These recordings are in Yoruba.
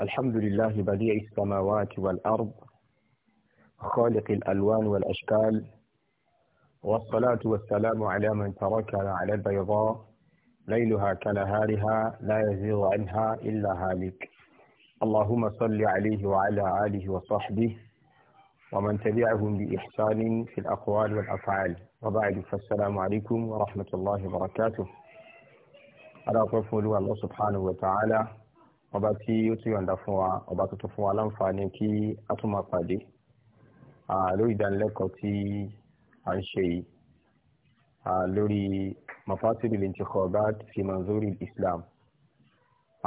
الحمد لله بديع السماوات والأرض خالق الألوان والأشكال والصلاة والسلام على من تركنا على البيضاء ليلها كنهارها لا يزيغ عنها إلا هالك اللهم صل عليه وعلى آله وصحبه ومن تبعهم بإحسان في الأقوال والأفعال وبعد فالسلام عليكم ورحمة الله وبركاته على طفل الله سبحانه وتعالى ọba tí ó tún yọ̀ǹda fún wa ọba tuntun fún wa láǹfààní kí a tún máa pàdé lórí ìdánilẹ́kọ̀ọ́ tí a ń ṣe yìí lórí mafasidul intikhabat fi manzuri islam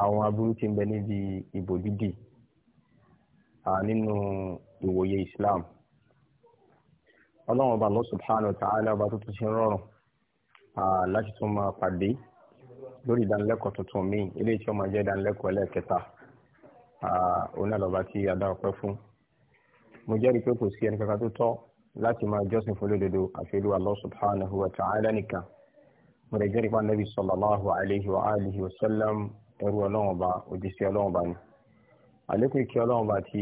àwọn aburú tí ń bẹ níbi ìbò dídì nínú ìwòye islam ọlọ́run ọba Allah subhanahu wa ta'ala ọba tuntun ṣe ń rọrùn láti tún máa pàdé lórí ìdánilẹ́kọ̀ọ́ tuntun míì eléyìí tí ó máa jẹ́ ìdánilẹ́kọ̀ọ́ ẹlẹ́ẹ̀kẹta òun náà lọ́ba tí a dá ọpẹ́ fún. mo jẹ́rìí pé kò sí ẹni kankan tó tọ́ láti máa jọ́sìn fún lódodo àfi Allah subhanahu wa ta'ala nìkan. mo rẹ̀ jẹ́rìí pa nabi sallallahu alayhi wa alihi wa sallam ẹrú ọlọ́run ọba òjíṣẹ́ ọlọ́run ọba ni. àlékún ìkẹ́ ọlọ́run ọba àti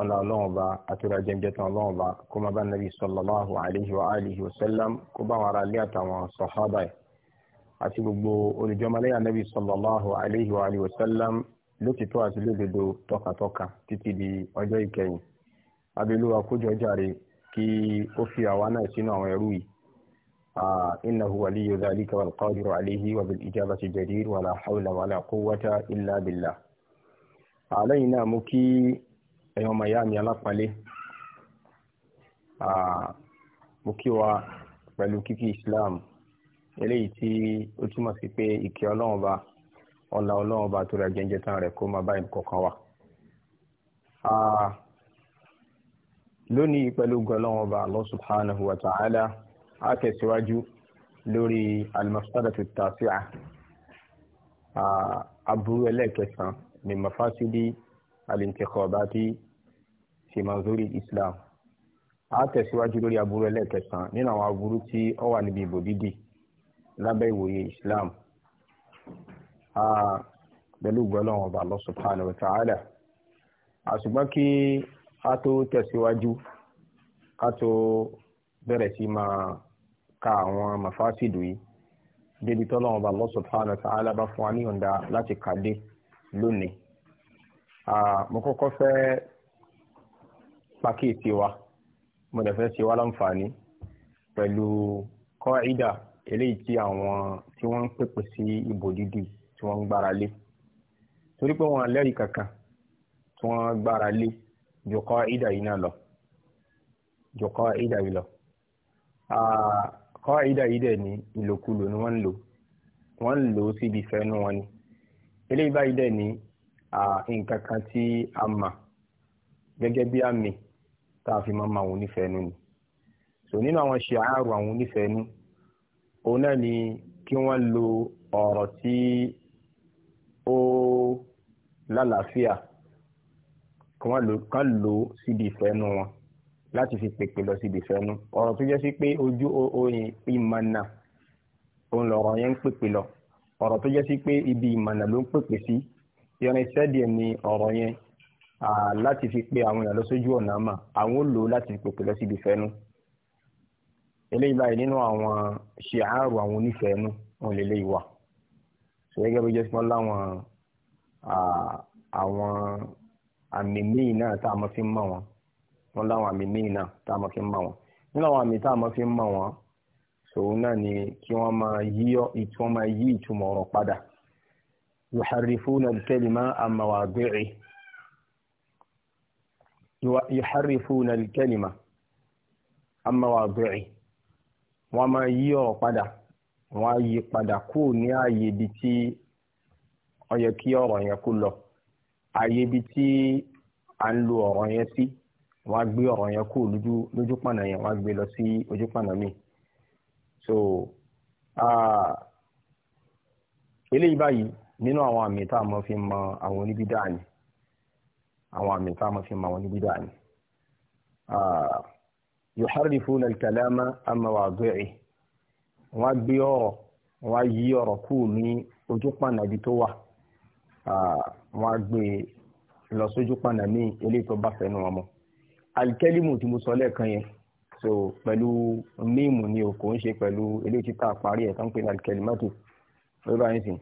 ọ̀nà ọlọ́run ọba àtúrà jẹ́njẹ́ tán ọlọ́run ọba kó máa bá nabi sallallahu alayhi wa alihi wa sallam kó bá wọn ara lé àtàwọn sọ̀hábà yìí àti gbogbo olùjọmọlẹ́yà nabi sallallahu alayhi wa alihi wa sallam lótìtọ́ àti lódodo tọkàtọkà títí di ọjọ́ ìkẹyìn abẹ́lúwa kójọ jàre kí ó fi àwa náà sínú àwọn ẹrú yìí innahu waliyu dhalika wal qadiru alayhi wa bil ijabati jadir wala hawla wala quwwata illa billah àlẹ́yìn náà mú kí ẹ̀yàn màyá mi alápalẹ́ mú kí wa pẹ̀lú kíkí islam eléyìí tí ó túmọ̀ sí pé ìkẹ́ ọlọ́run ba ọ̀la ọlọ́run ba tó ra jẹ́ńjẹ́ tán rẹ̀ kó máa bá ẹnì kọ̀ọ̀kan wà. lónìí pẹ̀lú gọlọ́run ba Allah subhanahu wa ta'ala á tẹ̀síwájú lórí al-mafsadatu at-tasi'a aburú ẹlẹ́ẹ̀kẹsàn-án min mafasidi al-intikhabati fi manzuri islam á tẹ̀síwájú lórí aburú ẹlẹ́ẹ̀kẹsàn-án nínú àwọn aburú tí ó wà níbi ìbò dídì lábẹ́ ìwòye Islam pẹ̀lú gbọ́lọ́wọ́n ọba Allah subhanahu wa ta'ala àṣùgbọ́n kí a tó tẹ̀síwájú ká tó bẹ̀rẹ̀ sí máa ka àwọn mafásìdù yìí débi tọ́lọ́wọ́n ọba Allah subhanahu wa ta'ala bá fún wa ní ọ̀ǹda láti kàdé lónìí mo kọ́kọ́ fẹ́ pàkíyèsí wa mo dẹ̀ fẹ́ ṣe wá láǹfààní pẹ̀lú kọ́ ìdá eléyìí tí àwọn tí wọ́n ń pèpè sí ìbò dídì tí wọ́n ń gbára lé torí pé wọ́n lẹ́rìí kankan tí wọ́n gbára lé jòkó ìdà yìí náà lọ jòkó ìdà yìí lọ kọ́ ìdà yìí dẹ̀ ní ìlòkulò ni wọ́n ń lò wọ́n ń lò ó síbi ìfẹ́nu wọn ni eléyìí báyìí dẹ̀ ní nǹkan kan tí a mà gẹ́gẹ́ bí àmì tá a fi máa ma àwọn onífẹ́ẹ́nu ni so nínú àwọn ṣe àárò àwọn onífẹ́ẹ́nu òun náà ni kí wọ́n lo ọ̀rọ̀ tí ó lálàáfíà kí wọ́n lo kán lo síbi ìfẹ́nu wọn láti fi pèpè lọ síbi ìfẹ́nu ọ̀rọ̀ tó jẹ́ sí pé ojú oyin ìmọ̀nà òun lọ̀rọ̀ yẹn ń pèpè lọ ọ̀rọ̀ tó jẹ́ sí pé ibi ìmọ̀nà ló ń pèpè sí irinṣẹ́ díẹ̀ ni ọ̀rọ̀ yẹn láti fi pé àwọn èèyàn lọ sójú ọ̀nà mà àwọn ò lò láti pèpè lọ síbi ìfẹ́nu eléyìí báyìí nínú àwọn ṣìáàrù àwọn onífẹ̀ẹ́ mú wọn lè lè wà so gẹ́gẹ́ bó jẹ́ sí wọn láwọn àwọn àmì míì náà tá a mọ̀ fi ń mọ̀ wọn wọn láwọn àmì míì náà tá a mọ̀ fi ń mọ̀ wọn nínú àwọn àmì tá a mọ̀ fi ń mọ̀ wọn sòun náà ni kí wọ́n máa yí ìtumọ̀ máa yí ìtumọ̀ ọ̀rọ̀ padà yuharrifuna al-kalima an mawadi'i yuharrifuna al-kalima an mawadi'i wọ́n máa yí ọ̀rọ̀ padà wọ́n á yí padà kúrò ní ààyè ibi tí ó yẹ kí ọ̀rọ̀ yẹn kó lọ ààyè ibi tí à ń lo ọ̀rọ̀ yẹn sí wọ́n á gbé ọ̀rọ̀ yẹn kúrò lójú lójú pànà yẹn wọ́n á gbé lọ sí ojú pànà míì so eléyìí báyìí nínú àwọn àmì tá a mọ̀ fi mọ̀ àwọn oníbídà ni àwọn àmì tá a mọ̀ fi mọ̀ àwọn oníbídà ni yuharrifuna al-kalama an mawadhi'ihi wọ́n á gbé ọ̀rọ̀ wọ́n á yí ọ̀rọ̀ kù ní ojú pànà ibi tó wà wọ́n á gbé lọ sójú pànà míì eléyìí tó bá fẹ́nu wọn mọ́ alikẹ́límù tí mo sọ lẹ́ẹ̀kan yẹn so pẹ̀lú míìmù ni o kò ń ṣe pẹ̀lú eléyìí títà parí ẹ̀ tó ń pè ní alikẹ́límọ́tò lórí báyìí sìn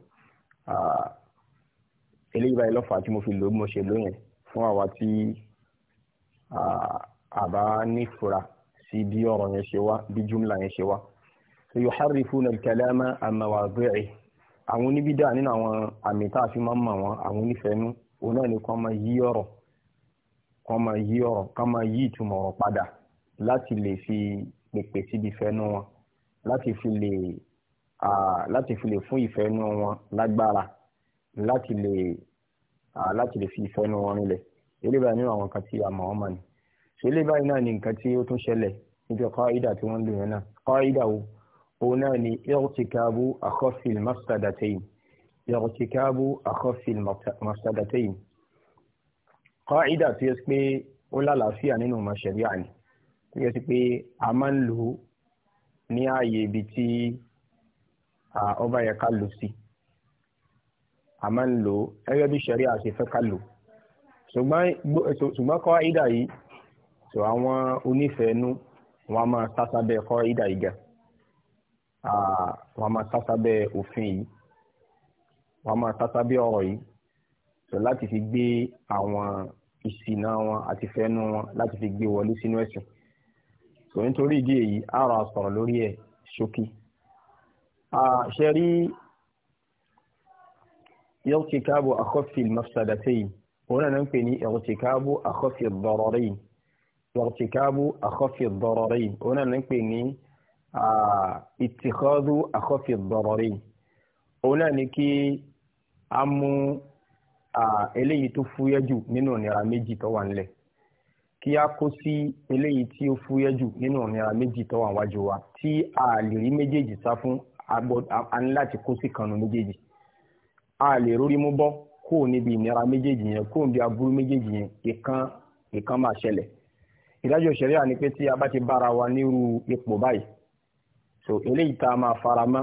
eléyìí báyìí lọ́fà tí mo fi lò ó mo ṣe lóyìn fún àwa tí àbá nífura sí bí ọ̀rọ̀ yẹn ṣe wá bí jumla yẹn ṣe wá so yuharrifuna al-kalama an mawadi'i àwọn oníbídà nínú àwọn àmì tá a fi máa ń mọ̀ wọn àwọn onífẹ̀ẹ́nu òun náà ni kọ́ máa yí ọ̀rọ̀ kọ́ máa yí ọ̀rọ̀ kọ́ máa yí ìtumọ̀ ọ̀rọ̀ padà láti lè fi pèpè síbi fẹ́nu wọn láti fi lè láti fi lè fún ìfẹ́nu wọn lágbára láti lè láti lè fi ìfẹ́nu wọn rinlẹ̀ eléyìí báyìí nínú àwọn kan tí a mọ̀ wọn mọ̀ ni ṣẹlẹ báyìí náà ni nǹkan tí ó tún ṣẹlẹ̀ níbi qaida tí wọ́n ń lò yẹn náà qaida wo òun náà ni irtikabu akhafil mafsadatayn irtikabu akhafil mafsadatayn qaida tí ó pé ó lálàáfíà nínú mọ̀ṣẹ̀ríà ni tó yẹ sí pé a máa ń lò ó ní ààyè ibi tí ọba yẹ ká lò sí a máa ń lò ó ẹgbẹ́ bí ṣẹ̀ríà ṣe fẹ́ ká lò ṣùgbọ́n kọ́ ìdá yìí so àwọn onífẹ̀ẹ́nú wọn a máa sásábẹ́ kọ́ ìdá ìgà wọn a máa sásábẹ́ òfin yìí wọn a máa sásábẹ́ ọ̀rọ̀ yìí so láti fi gbé àwọn ìsìnà wọn àti fẹ́nu wọn láti fi gbé wọlé sínú ẹ̀sìn so nítorí ìdí èyí àrà sọ̀rọ̀ lórí ẹ̀ ṣókí ṣe rí irtikabu akhaffi al-mafsadatayn òun náà ń pè ní irtikabu akhaffi ad-dararayn wàtíkábù àkọ́fì dọ̀rọ̀rì òun náà ń pè ní ìtìkọ́dù àkọ́fì dọ̀rọ̀rì òun náà ní kí a mú eléyìí tó fúyẹ́ jù nínú ìnira méjì tó wà nílẹ̀ kí a kó sí eléyìí tí ó fúyẹ́ jù nínú ìnira méjì tó wà wájú wa tí a lè rí méjèèjì sá fún a ní láti kó sí kanu méjèèjì a lè rórí mú bọ́ kó o níbi ìnira méjèèjì yẹn kó o níbi aburú méjèèjì yẹn ìkan ìkan máa ṣẹlẹ̀ ìdájọ́ ṣẹ̀ríà ni pé tí a bá ti bára wa nírú ipò báyìí so eléyìí tá a máa fara mọ́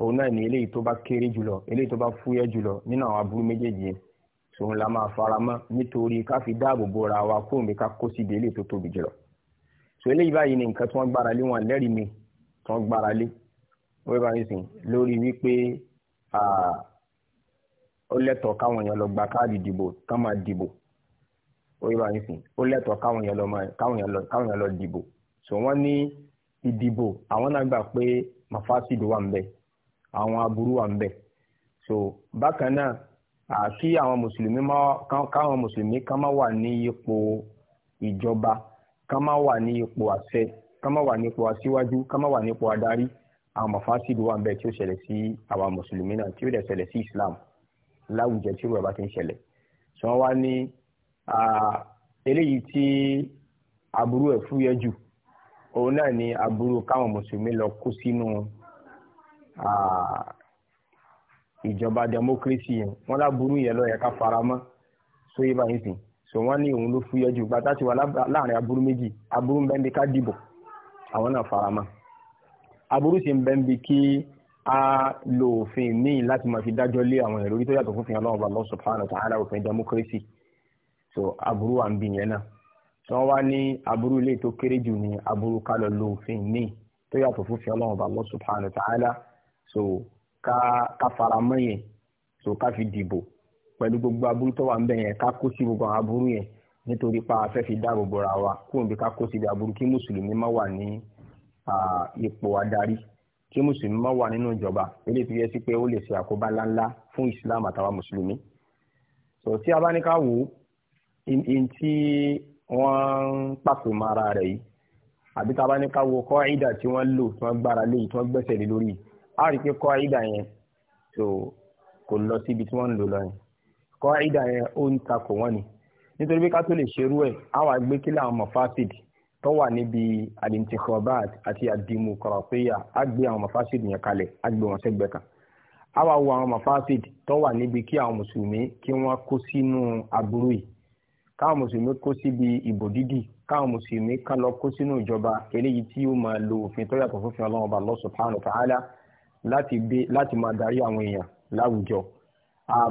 òun náà ni eléyìí tó bá kéré jùlọ eléyìí tó bá fúyẹ́ jùlọ nínú àwọn aburú méjèèjì so òun la máa fara mọ́ nítorí ká fi dáàbò bo ra wa kóun bí ká kó síbi eléyìí tó tóbi jùlọ so eléyìí báyìí ni nǹkan tí wọ́n gbára lé wọn lẹ́rìí mi tí wọ́n gbára lé wọ́n bá yín sìn lórí wípé ó lẹ́tọ̀ọ́ káwọn èèyàn lọ gba káàdì ìdìbò ká máa dìbò orí bá nìsín ó lẹ́tọ̀ọ́ káwọn èèyàn lọ káwọn èèyàn lọ káwọn dìbò so wọ́n ní ìdìbò àwọn náà gbà pé mafasidu wà ń bẹ àwọn aburú wà ń bẹ so bákan náà kí àwọn mùsùlùmí káwọn mùsùlùmí ká má wà ní ipò ìjọba ká má wà ní ipò àṣẹ ká má wà ní ipò aṣíwájú ká má wà ní ipò adarí àwọn mafasidu wà ń bẹ tí ó ṣẹlẹ̀ sí àwọn mùsùlùmí náà tí ó dẹ̀ ṣẹlẹ̀ sí Islam láwùjọ tí ó rẹ̀ bá ti ń ṣẹlẹ̀ so wọ́n wá ní. eléyìí tí aburú ẹ̀ fúyẹ́ jù òun náà ni aburú káwọn mùsùlùmí lọ kó sínú ìjọba democracy yẹn wọn láburú yẹn lọ yẹ ká fara so sóyè báyìí sìn so wọn ní òun ló fúyẹ́ jù bàtà ti wà láàrin aburú méjì aburú ń bẹ níbi ká dìbò àwọn náà fara mọ́ aburú sì ń kí a lo òfin míì láti máa fi dájọ́ lé àwọn èrò orí tó yàtọ̀ fún fi hàn lọ́wọ́ bá so aburú wa ń bì yẹn náà tí wọ́n wá ní aburú ilé tó kéré jù ní aburú ká lọ òfin míì tó yàtọ̀ fúnfin ọlọ́run bá Allah subhanahu ta'ala so ká ká fara mọ́ yẹn so ká fi dìbò pẹ̀lú gbogbo aburú tó wà ń bẹ̀ yẹn ká kó sí gbogbo àwọn aburú yẹn nítorí pa afẹ́ fi dáàbò bora wa kóun bí ká kó síbi aburú kí mùsùlùmí má wà ní ipò adarí kí mùsùlùmí má wà nínú ìjọba eléyìí tó yẹ sí pé ó lè ṣe àkóbá ńláńlá fún islam àtàwọn mùsùlùmí. so tí a bá ní ká wò ó in tí wọ́n ń pàpè mọ́ ara rẹ̀ yìí àbí tá a bá ní ká wo kọ́ ìdà tí wọ́n lò tí wọ́n gbára lé yìí tí wọ́n gbẹ́sẹ̀ lé lórí yìí a rí i pé kọ́ ìdà yẹn tó kò lọ síbi tí wọ́n ń lò lọ kọ́ ìdà yẹn ó ń takò wọ́n ni nítorí pé ká tó lè ṣerú ẹ̀ á wàá gbé kílẹ̀ àwọn mafasid tó wà níbi alintikọbat àti adimukọrọpẹyà á gbé àwọn mafasid yẹn kalẹ̀ á gbé wọn sẹ́gbẹ̀ẹ́ kan á wàá wo àwọn mafasid tó wà níbi kí àwọn mùsùlùmí kí wọ́n kó sínú aburú yìí káwọn mùsùlùmí kó síbi ìbò dídì káwọn mùsùlùmí kan lọ kó sínú ìjọba eléyìí tí yóò máa lo òfin tó yàtọ̀ fófin ọlọ́run ọba Allah subhanahu wa ta'ala láti gbé láti máa darí àwọn èèyàn láwùjọ.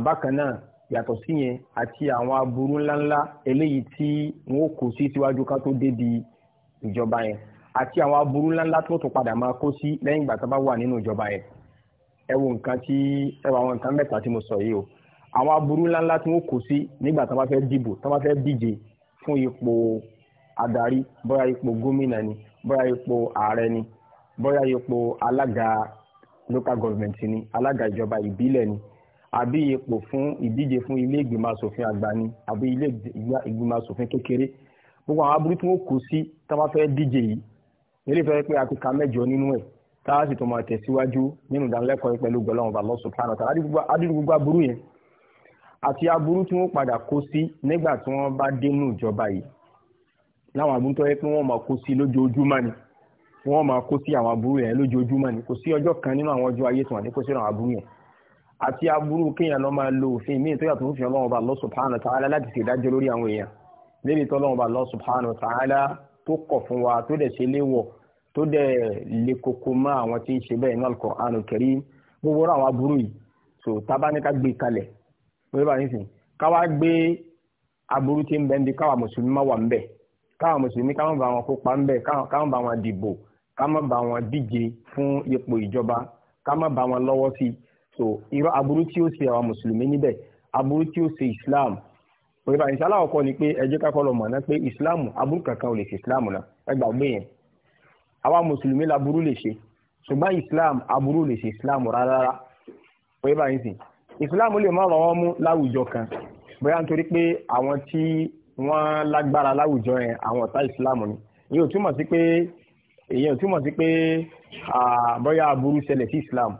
bákan náà yàtọ̀ síyẹn àti àwọn aburú ńláńlá eléyìí tí wọ́n kó sí síwájú ká tó débi ìjọba yẹn àti àwọn aburú ńláńlá tó tún padà máa kó sí lẹ́yìn ìgbà tó bá wà nínú ìjọba yẹn ẹ wo nǹkan tí ẹ wo àwọn aburú ńláńlá tí wọ́n kò sí nígbà tí wọ́n bá fẹ́ dìbò tí wọ́n bá fẹ́ díje fún ipò adarí bóyá ipò gómìnà ni bóyá ipò ààrẹ ni bóyá ipò alága local government ni alága ìjọba ìbílẹ̀ ni àbí ipò fún ìdíje fún ilé ìgbìmọ̀ asòfin àgbà ni àbí ilé ìgbìmọ̀ asòfin kékeré gbogbo àwọn aburú tí wọ́n kò sí tí wọ́n bá fẹ́ díje yìí eré fẹ́ pé àti ka mẹ́jọ nínú ẹ̀ tá a sì tó máa tẹ̀síwájú nínú ìdánilẹ́kọ̀ọ́ pẹ̀lú gbọ́lọ́wọ́n bá Allah subhanahu gbogbo aburú yẹn àti aburú tí wọ́n padà kó sí nígbà tí wọ́n bá dénú ìjọba yìí láwọn aburú tó yẹ pé wọ́n máa kó sí lójoojúmọ́ ni wọ́n máa kó sí àwọn aburú yẹn lójoojúmọ́ ni kò sí ọjọ́ kan nínú àwọn ọjọ́ ayé tí wọ́n ní kó sí àwọn aburú yẹn àti aburú kéèyàn lọ máa lo òfin míì tó yàtọ̀ òfin ọlọ́run ọba Allah subhanahu wa ta'ala láti ṣe ìdájọ́ lórí àwọn èèyàn lérí tọ́lọ́run ọba Allah subhanahu wa ta'ala tó kọ̀ fún wa tó dẹ̀ ṣe léwọ̀ tó dẹ̀ lè koko mọ́ àwọn tí ń ṣe bẹ́ẹ̀ ní al-Qur'anul Karim gbogbo àwọn aburú yìí so tábánikà gbé kalẹ̀ wọ́n bá yín sìn káwá gbé aburú tí ń bẹ ń di káwa mùsùlùmí má wà ń bẹ̀ káwa mùsùlùmí ká má bá wọn kópa ń bẹ̀ ká má bá wọn dìbò ká má bá wọn díje fún ipò ìjọba ká má bá wọn lọ́wọ́ sí so irọ́ aburú tí ó ṣe àwọn mùsùlùmí níbẹ̀ aburú tí ó ṣe islam wọ́n bá yín sìn aláwọ̀ kọ́ ni pé ẹjẹ́ ká kọ́ lọ mọ̀ náà pé islam aburú kankan ò lè ṣe islam náà ẹ gbàgbé yẹn àwa mùsùlùmí laburú lè ṣe ṣùgbọ́n islam aburú lè ṣe islam rárá wọ́n bá yín sìn ìsìláàmù lè má rọ̀ wọ́n mú láwùjọ kan bóyá nítorí pé àwọn tí wọ́n lágbára láwùjọ yẹn àwọn ọ̀tá ìsìláàmù ni èyí ò túmọ̀ sí pé èyí ò túmọ̀ sí pé bóyá aburú ṣẹlẹ̀ sí ìsìláàmù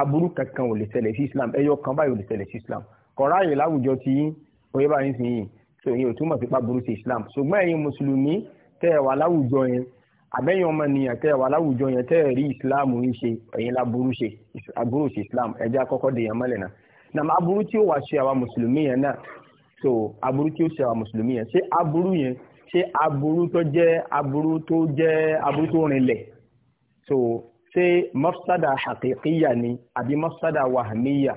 aburú kankan ò lè ṣẹlẹ̀ sí islam ẹyọ kan báyìí ò lè ṣẹlẹ̀ sí islam kọ̀ọ̀rọ̀ àyè láwùjọ ti yín oyè báyìí sì yìn so èyí ò túmọ̀ sí pa burú sí islam ṣùgbọ́n ẹ̀yin mùsùlùmí tẹ́ àbẹ́yìn ọmọ ènìyàn tẹ́ wà láwùjọ yẹn tẹ́ rí islam ń ṣe ẹ̀yin láburú ṣe àbúrò ṣe islam ẹ̀jẹ̀ àkọ́kọ́ dèèyàn mọ́lẹ̀ náà nàmú aburú tí ó wà ṣe àwa mùsùlùmí yẹn náà so aburú tí ó ṣe àwa mùsùlùmí yẹn ṣé aburú yẹn ṣé aburú tó jẹ́ aburú tó jẹ́ aburú tó rinlẹ̀ so ṣé mafsada haqiqiya ni àbí mafsada wahmiya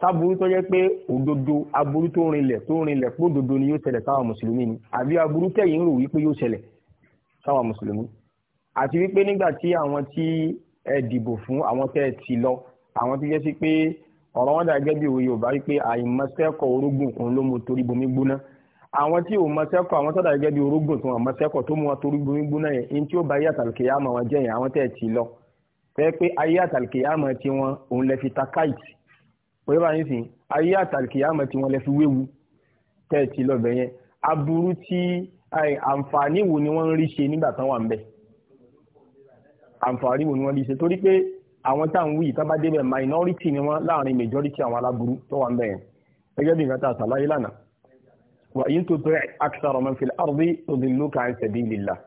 sáburú tó jẹ́ pé òdodo aburú tó rinlẹ̀ tó rinlẹ̀ pé ni yóò ṣẹlẹ̀ sáwa mùsùlùmí ni àbí aburú tẹ̀yìn rò wípé yóò ṣẹlẹ̀ sáwọn mùsùlùmí àti wípé nígbà tí àwọn tí ẹ dìbò fún àwọn tẹ́ ẹ ti lọ àwọn tí jẹ́ sí pé ọ̀rọ̀ wọn dàgẹ́ bí òwe Yorùbá wípé àìmọ̀sẹ́kọ̀ orógùn òun ló mu torí bomi gbóná àwọn tí ò mọ̀sẹ́kọ̀ àwọn tọ́da gẹ́gẹ́ bí orógùn tí wọ́n mọ̀sẹ́kọ̀ tó mú wọn torí bomi gbóná yẹn ní tí ó ba ayé àtàlùkèyà àmọ́ wọn jẹ́yìn àwọn tẹ́ ẹ ti lọ fẹ́ pé ayé àtàlùkèyà àmọ́ tí wọn òun lẹ fi ta káìtì òye bá yín sìn ayé àtàlùkèyà àmọ́ tí wọn lẹ fi wéwu tẹ́ ẹ ti lọ bẹ̀yẹn aburú tí àǹfààní wo ni wọ́n ń rí ṣe nígbà tán wà ń bẹ̀ àǹfààní wo ni wọ́n rí ṣe torí pé àwọn táwọn wí ìtàn bá débẹ̀ minority ni wọ́n láàrin majority àwọn aláburú tó wà ń bẹ̀ yẹn gẹ́gẹ́ bí nǹkan tá a sàlàyé lánàá wà yín tó tẹ́ akthara man fil ardi yudilluka an sabilillah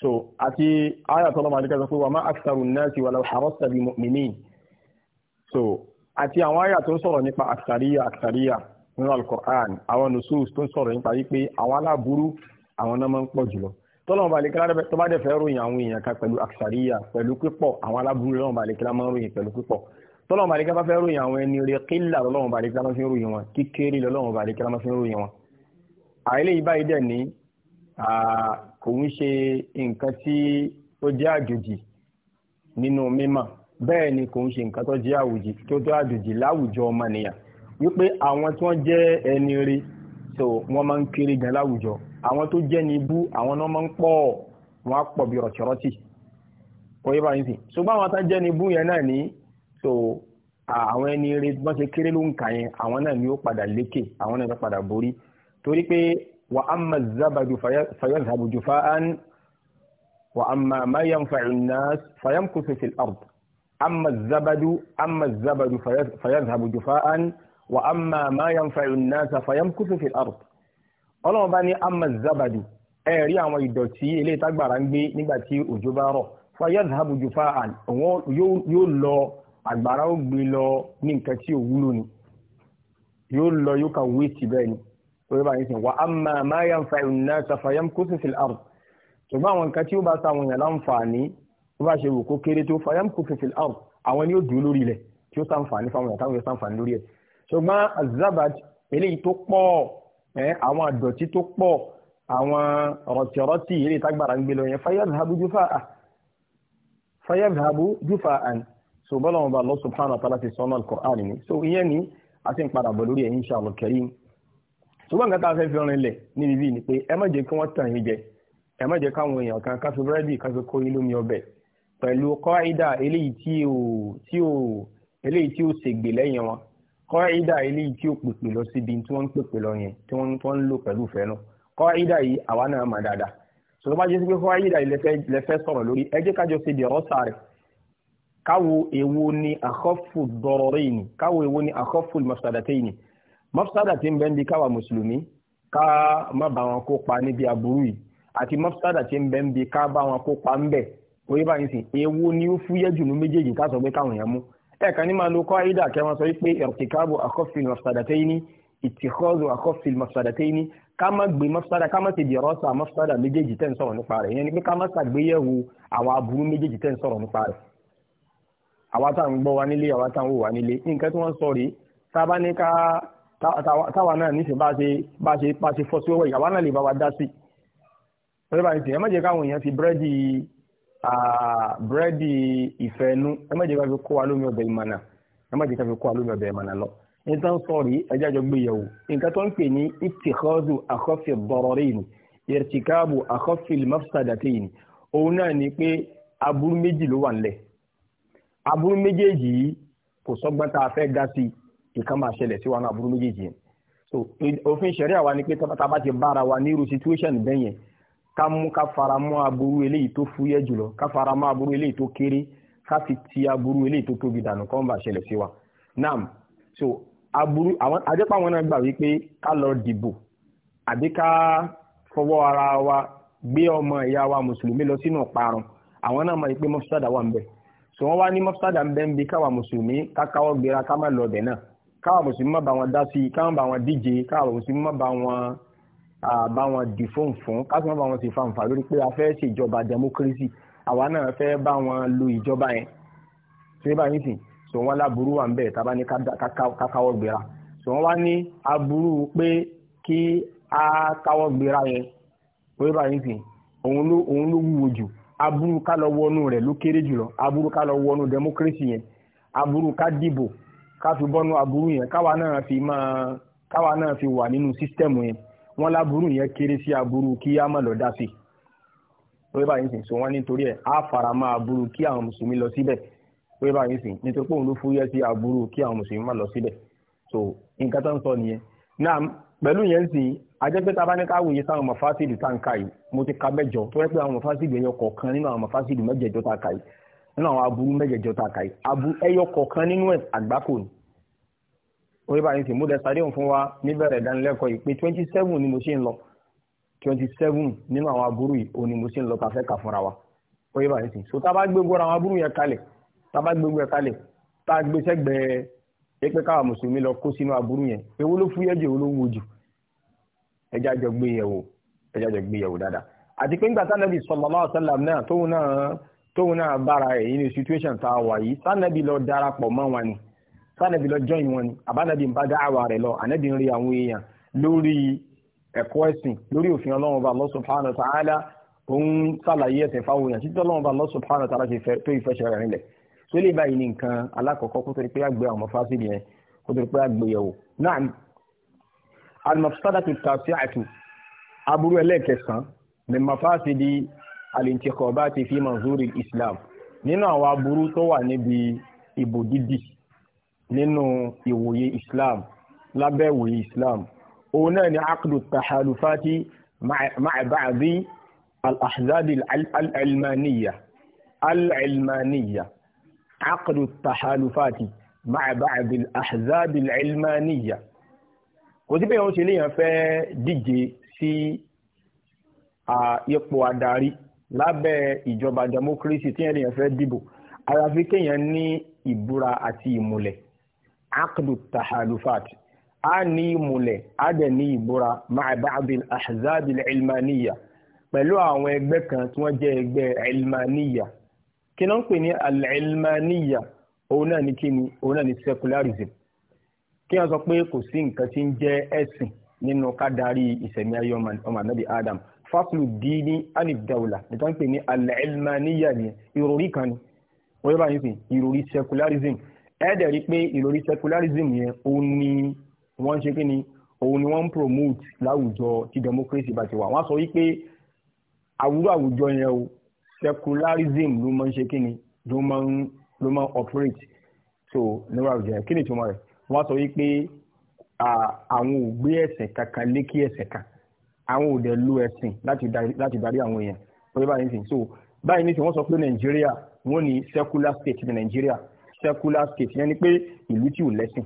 so àti ayatollah ọlọ́mọ adékẹ́sọ pé wà má aktharu an-nasi walau harasta bi mu'minin so àti àwọn àyà tó sọ̀rọ̀ nípa àkàríyà àkàríyà nínú alukur'an àwọn nusus tó ń sọ̀rọ̀ nípa yí pé àwọn aláburú àwọn náà máa ń pọ̀ jùlọ tọ́lọ́mọba àlekíra tó bá dẹ̀ fẹ́ ròyìn àwọn èèyàn kan pẹ̀lú àkṣàríyà pẹ̀lú pípọ̀ àwọn aláburú lọ́mọba àlekíra máa ń ròyìn pẹ̀lú pípọ̀ tọ́lọ́mọba àlekíra bá fẹ́ ròyìn àwọn ẹni rẹ̀ kílà lọ́mọba àlekíra máa fi ròyìn wọn kíkéré lọ́mọba àlekíra máa fi ròyìn wọn. àìlè yìí báyìí dẹ̀ ní kò ń ṣe nǹkan tí ó jẹ́ àjòjì nínú mímọ̀ bẹ́ẹ̀ ni kò ń ṣe nǹkan tó jẹ́ àjòjì láwùjọ ọmọnìyàn wípé àwọn tí wọ́n jẹ́ ẹni rí so wọ́n máa ń kéré gan láwùjọ àwọn tó jẹ́ ní ibú àwọn náà máa ń pọ̀ wọ́n á pọ̀ bí rọ̀tìrọ̀tì kò yé báyìí sí ṣùgbọ́n àwọn tán jẹ́ ní ibú yẹn náà ní so àwọn ẹni rí wọ́n ṣe kéré ló ń kà yẹn àwọn náà ni ó padà lékè àwọn náà padà borí torí pé wa amma zabadu fayadhabu jufa'an wa amma ma yanfa'u an-nas fayamkusu fil ard amma zabadu amma zabadu fayadhabu jufa'an wa amma ma yanfa'u an-nasa fayamkuthu fil ard ọlọ́run bá ní amma zabadu ẹ rí àwọn ìdọ̀tí ilé tágbàrá ń gbé nígbà tí òjò bá rọ̀ fayadhhabu jufa'an òun yóò lọ àgbàrá ó gbé lọ ní nǹkan tí ò wúlò ni yóò lọ yóò kà wé tì bẹ́ẹ̀ ni orí bá yín sìn wa amma ma yanfa'u an-nasa fayamkuthu fil ard ṣùgbọ́n àwọn nǹkan tí ó bá sáwọn èèyàn láǹfààní tó bá ṣe wò kó kéré tó fayamkuthu fil ard àwọn ni ó dùn lórí ilẹ̀ tí ó sàǹfààní fáwọn èèyàn táwọn èèyàn sàǹfààní lórí ẹ̀ ṣùgbọ́n azabat eléyìí tó pọ̀ àwọn àdọ̀tí tó pọ̀ àwọn rọ̀tìrọ̀tì eléyìí tágbàrà ń gbé lọ yẹn fayadhabu jufa'an fayadhabu jufa'an so bọ́lá wọn bá lọ subhanahu wa ta'ala ti sọ́nà al-Qur'an ni so ìyẹn ni a ti ń padà bọ̀ lórí ẹ̀ insha Allah karim ṣùgbọ́n nǹkan tá a fẹ́ fi ọrin lẹ̀ níbi bíi ni pé ẹ má jẹ́ kí wọ́n tàn yín jẹ ẹ má jẹ́ káwọn èèyàn kan káfí búrẹ́dì káfí kó yín lómi ọbẹ̀ pẹ̀lú kọ́ìdà eléyìí tí ò eléyìí tí ò ṣègbè lẹ́yìn wọn kọ́ ìdá eléyìí tí ó pèpè lọ síbi tí wọ́n ń pèpè lọ yẹn tí wọ́n ń lò pẹ̀lú ìfẹ́ náà kọ́ ìdá yìí àwa náà mà dáadáa sọ̀rọ̀ bá jẹ́ sí pé kọ́ ìdá yìí lẹ́fẹ́ sọ̀rọ̀ lórí ẹ kájọ ṣe dẹ̀rọ́ sáré káwo èwo ni àkọ́fù dọ̀rọ̀rẹ́ ni káwo èwo ni àkọ́fù mọ̀sádàtẹ́ ni mọ̀sádà tí ń bẹ níbi káwa mùsùlùmí ká má bá wọn kópa níbi aburú yìí àti mọ̀sádà tí ń bẹ ká bá wọn kópa ń bẹ̀ oyè báyìí sìn èwo ni ó fúyẹ́ jù méjèèjì ká sọ pé káwọn yẹn mú ẹ̀ẹ̀kan ní máa lo kọ́ àìdá kí wọ́n sọ wípé ẹ̀rọ̀tìkáàbù àkọ́fìl mafsadatayni ìtìkọ́zù àkọ́fìl mafsadatayni ká má gbé mafsada ká má ti rọ́ọ̀sà mafsada méjèèjì tẹ́ ń sọ̀rọ̀ nípa rẹ̀ ìyẹn ni pé ká má ṣàgbéyẹ̀wò àwọn aburú méjèèjì tẹ́ ń sọ̀rọ̀ nípa rẹ̀ àwa tá à ń gbọ́ wa nílé àwa tá à ń wò wa nílé nǹkan tí wọ́n sọ rèé tába ní búrẹ́dì ìfẹ́nú ẹ má jẹ́ ká fi kó wa lómi ọbẹ̀ ìmọ̀nà ẹ má jẹ́ ká fi kó wa lómi ọbẹ̀ ìmọ̀nà lọ. nǹkan sọ̀rí ẹjẹ́ àjọ gbé yẹ̀wò nǹkan tó ń pè ní ìtìkọ́dù àkọ́fì dọ̀rọ̀rìn ìrìtìkáàbù àkọ́fì mọ́fṣàdàtìn òun náà ni pé aburú méjì ló wà nílẹ̀ aburú méjèèjì yìí kò sọ́gbọ́n tá a fẹ́ ga sí ìkan máa ṣẹlẹ̀ sí wa aburú méjèèjì yẹn so òfin ṣẹ̀rí àwa ni pé tá bá ti bára wa ní irú situation bẹ́yẹn ká mú ká fara mọ́ aburú eléyìí tó fúyẹ́ jùlọ ká fara mọ́ aburú eléyìí tó kéré ká fi ti aburú eléyìí tó tóbi dànù kọ́ ń bà ṣẹlẹ̀ sí wa nam so aburú àwọn àjẹpọ̀ àwọn náà gbà wípé ká lọ dìbò àbí ká fọwọ́ ara wa gbé ọmọ ìyá wa mùsùlùmí lọ sínú ọ̀parun àwọn náà mọ̀ pé mọ́fúsádà wà ń bẹ̀ so wọ́n wá ní mọ́fúsádà ń bẹ́ ń bi káwa mùsùlùmí kákáwọ́ gbéra ká má lọ ọbẹ̀ náà káwa mùsùlùmí má bá wọn dá sí káwọn bá wọn díje káwa mùsùlùmí má bá wọn bá wọn dì fóun fún ká sì má bá wọn ṣe fàǹfà lórí pé a fẹ́ ṣèjọba democracy àwa náà fẹ́ bá wọn lo ìjọba yẹn ṣé bá yín sìn so wọn láburú wà ń bẹ̀ tá a bá ní ká káwọ́ gbéra so wọn wá ní aburú pé kí a káwọ́ gbéra yẹn ṣé bá yín sìn òun ló òun ló wúwo jù aburú ká lọ wọnú rẹ̀ ló kéré jùlọ aburú ká lọ wọnú democracy yẹn aburú ká dìbò ká fi bọ́nú aburú yẹn káwa náà fi máa káwa náà fi wà nínú sísítẹ́ẹ̀mù yẹn wọ́n láburú yẹn kéré sí aburú kí á má lọ dá sí wọ́n bá yín sìn so wọ́n nítorí ẹ̀ á fara mọ́ aburú kí àwọn mùsùlùmí lọ síbẹ̀ wọ́n bá yín sìn nítorí pé òun ló fúyẹ́ sí aburú kí àwọn mùsùlùmí má lọ síbẹ̀ so nǹkan tó ń sọ nìyẹn náà pẹ̀lú yẹn sìn ajẹ́pẹ́ tá a bá ní ká wòye sáwọn mọ̀fásìlì tá n ka yìí mo ti ka mẹ́jọ tó yẹ pé àwọn mọ̀fásìlì ẹyọ kọ̀ọ̀kan nínú àwọn mọ̀fásìlì mẹ́jẹ̀jọ tá a ka yìí nínú àwọn aburú mẹ́jẹ̀jọ tá ka yìí ẹyọ kọ̀ọ̀kan nínú ẹ̀ àgbákò ni orí bá ní ti múlẹ̀ sáré òun fún wa níbẹ̀rẹ̀ ìdánilẹ́kọ̀ọ́ yìí pé twenty seven ni mo ṣe ń lọ twenty seven nínú àwọn aburú yìí òun ni mo ṣe ń lọ tá a fẹ́ kà fúnra wa orí bá ní ti so tá a bá gbé gbọ́ra àwọn aburú yẹn kalẹ̀ tá a bá gbé gbẹ́ kalẹ̀ tá a gbé sẹ́gbẹ̀ẹ́ pé káwa mùsùlùmí lọ kó sínú aburú yẹn èwo ló fúyẹ́ jù èwo ló wúwo jù ẹja jọ gbé yẹ̀wò ẹja jọ gbé yẹ̀wò dáadáa àti pé nígbà sanabi sallallahu situation tá a wà sanabi lọ join wọn ni abanabi ń bá dá àwa rẹ̀ lọ anabi ń rí àwọn èèyàn lórí ẹ̀kọ́ ẹ̀sìn lórí òfin Ọlọ́run bá Allah subhanahu wa ta'ala òun sàlàyé ẹ̀sìn fáwọn èèyàn títí Ọlọ́run bá Allah subhanahu wa ta'ala ṣe fẹ́ tó ìfẹsẹ̀ rẹ̀ nílẹ̀ tó lè báyìí ní nǹkan alákọ̀ọ́kọ́ kó tó di pé àgbẹ̀ àwọn fásitì yẹn kó tó di pé àgbẹ̀ yẹ̀wò náà al-mafsadatu at-tasi'atu aburú ẹlẹ́ẹ̀kẹsàn ní mafasidi al-intikhobati fi manzuri islam nínú àwọn aburú tó wà níbi ìbò dídì nínú ìwòye islam lábẹ́ ìwòye islam òun náà ni aqdu tahalufati ma'a ba'di al-ahzabi al-ilmaniya al-ilmaniya aqdu tahalufati ma'a ba'di al-ahzabi al-ilmaniya kò sí pé wọ́n ṣe léèyàn fẹ́ díje sí ipò adarí lábẹ́ ìjọba democracy tí èèyàn fẹ́ dìbò àyàfi kéèyàn ní ìbúra àti ìmùlẹ̀ akdu tahalufat a ní ìmùlẹ̀ a dẹ̀ ní ìbúra ma'a ba'dil ahzabil ilmaniya pẹ̀lú àwọn ẹgbẹ́ kan tí wọ́n jẹ́ ẹgbẹ́ ilmaniya kí náà ń pè ní al-ilmaniya òun náà ní kíni òun náà ní secularism kí wọ́n sọ pé kò sí nǹkan tí ń jẹ́ ẹ̀sìn nínú kádàrí ìsẹ̀mí ayé ọmọ ànábì adam fásilù díní anidawla nígbà ń pè ní al-ilmaniya ìròrí kan ni wọ́n yóò bá yín sìn ìròrí secularism ẹ̀ẹ́dẹ̀ rí pé ìròrí secularism yẹn òun ni wọ́n ṣe kí ni òun ni wọ́n ń promote láwùjọ tí democracy bá ti wà wọ́n sọ wípé àwùjọ àwùjọ yẹn o secularism ló máa ń ṣe kí ni ló máa ń ló máa ń operate so níwájú àwùjọ yẹn kí ni ìtumọ̀ rẹ̀ wọ́n sọ wípé àwọn ò gbé ẹ̀sìn kankan lékè ẹ̀sìn kan àwọn ò dẹ̀ lo ẹ̀sìn láti darí àwọn èèyàn pé báyìí nìsín so báyìí nìsín wọ́n sọ pé nàìjíríà wọ́n ní secular state ní nàìjíríà secular state yẹn ni pé ìlú tí ò lẹ́sìn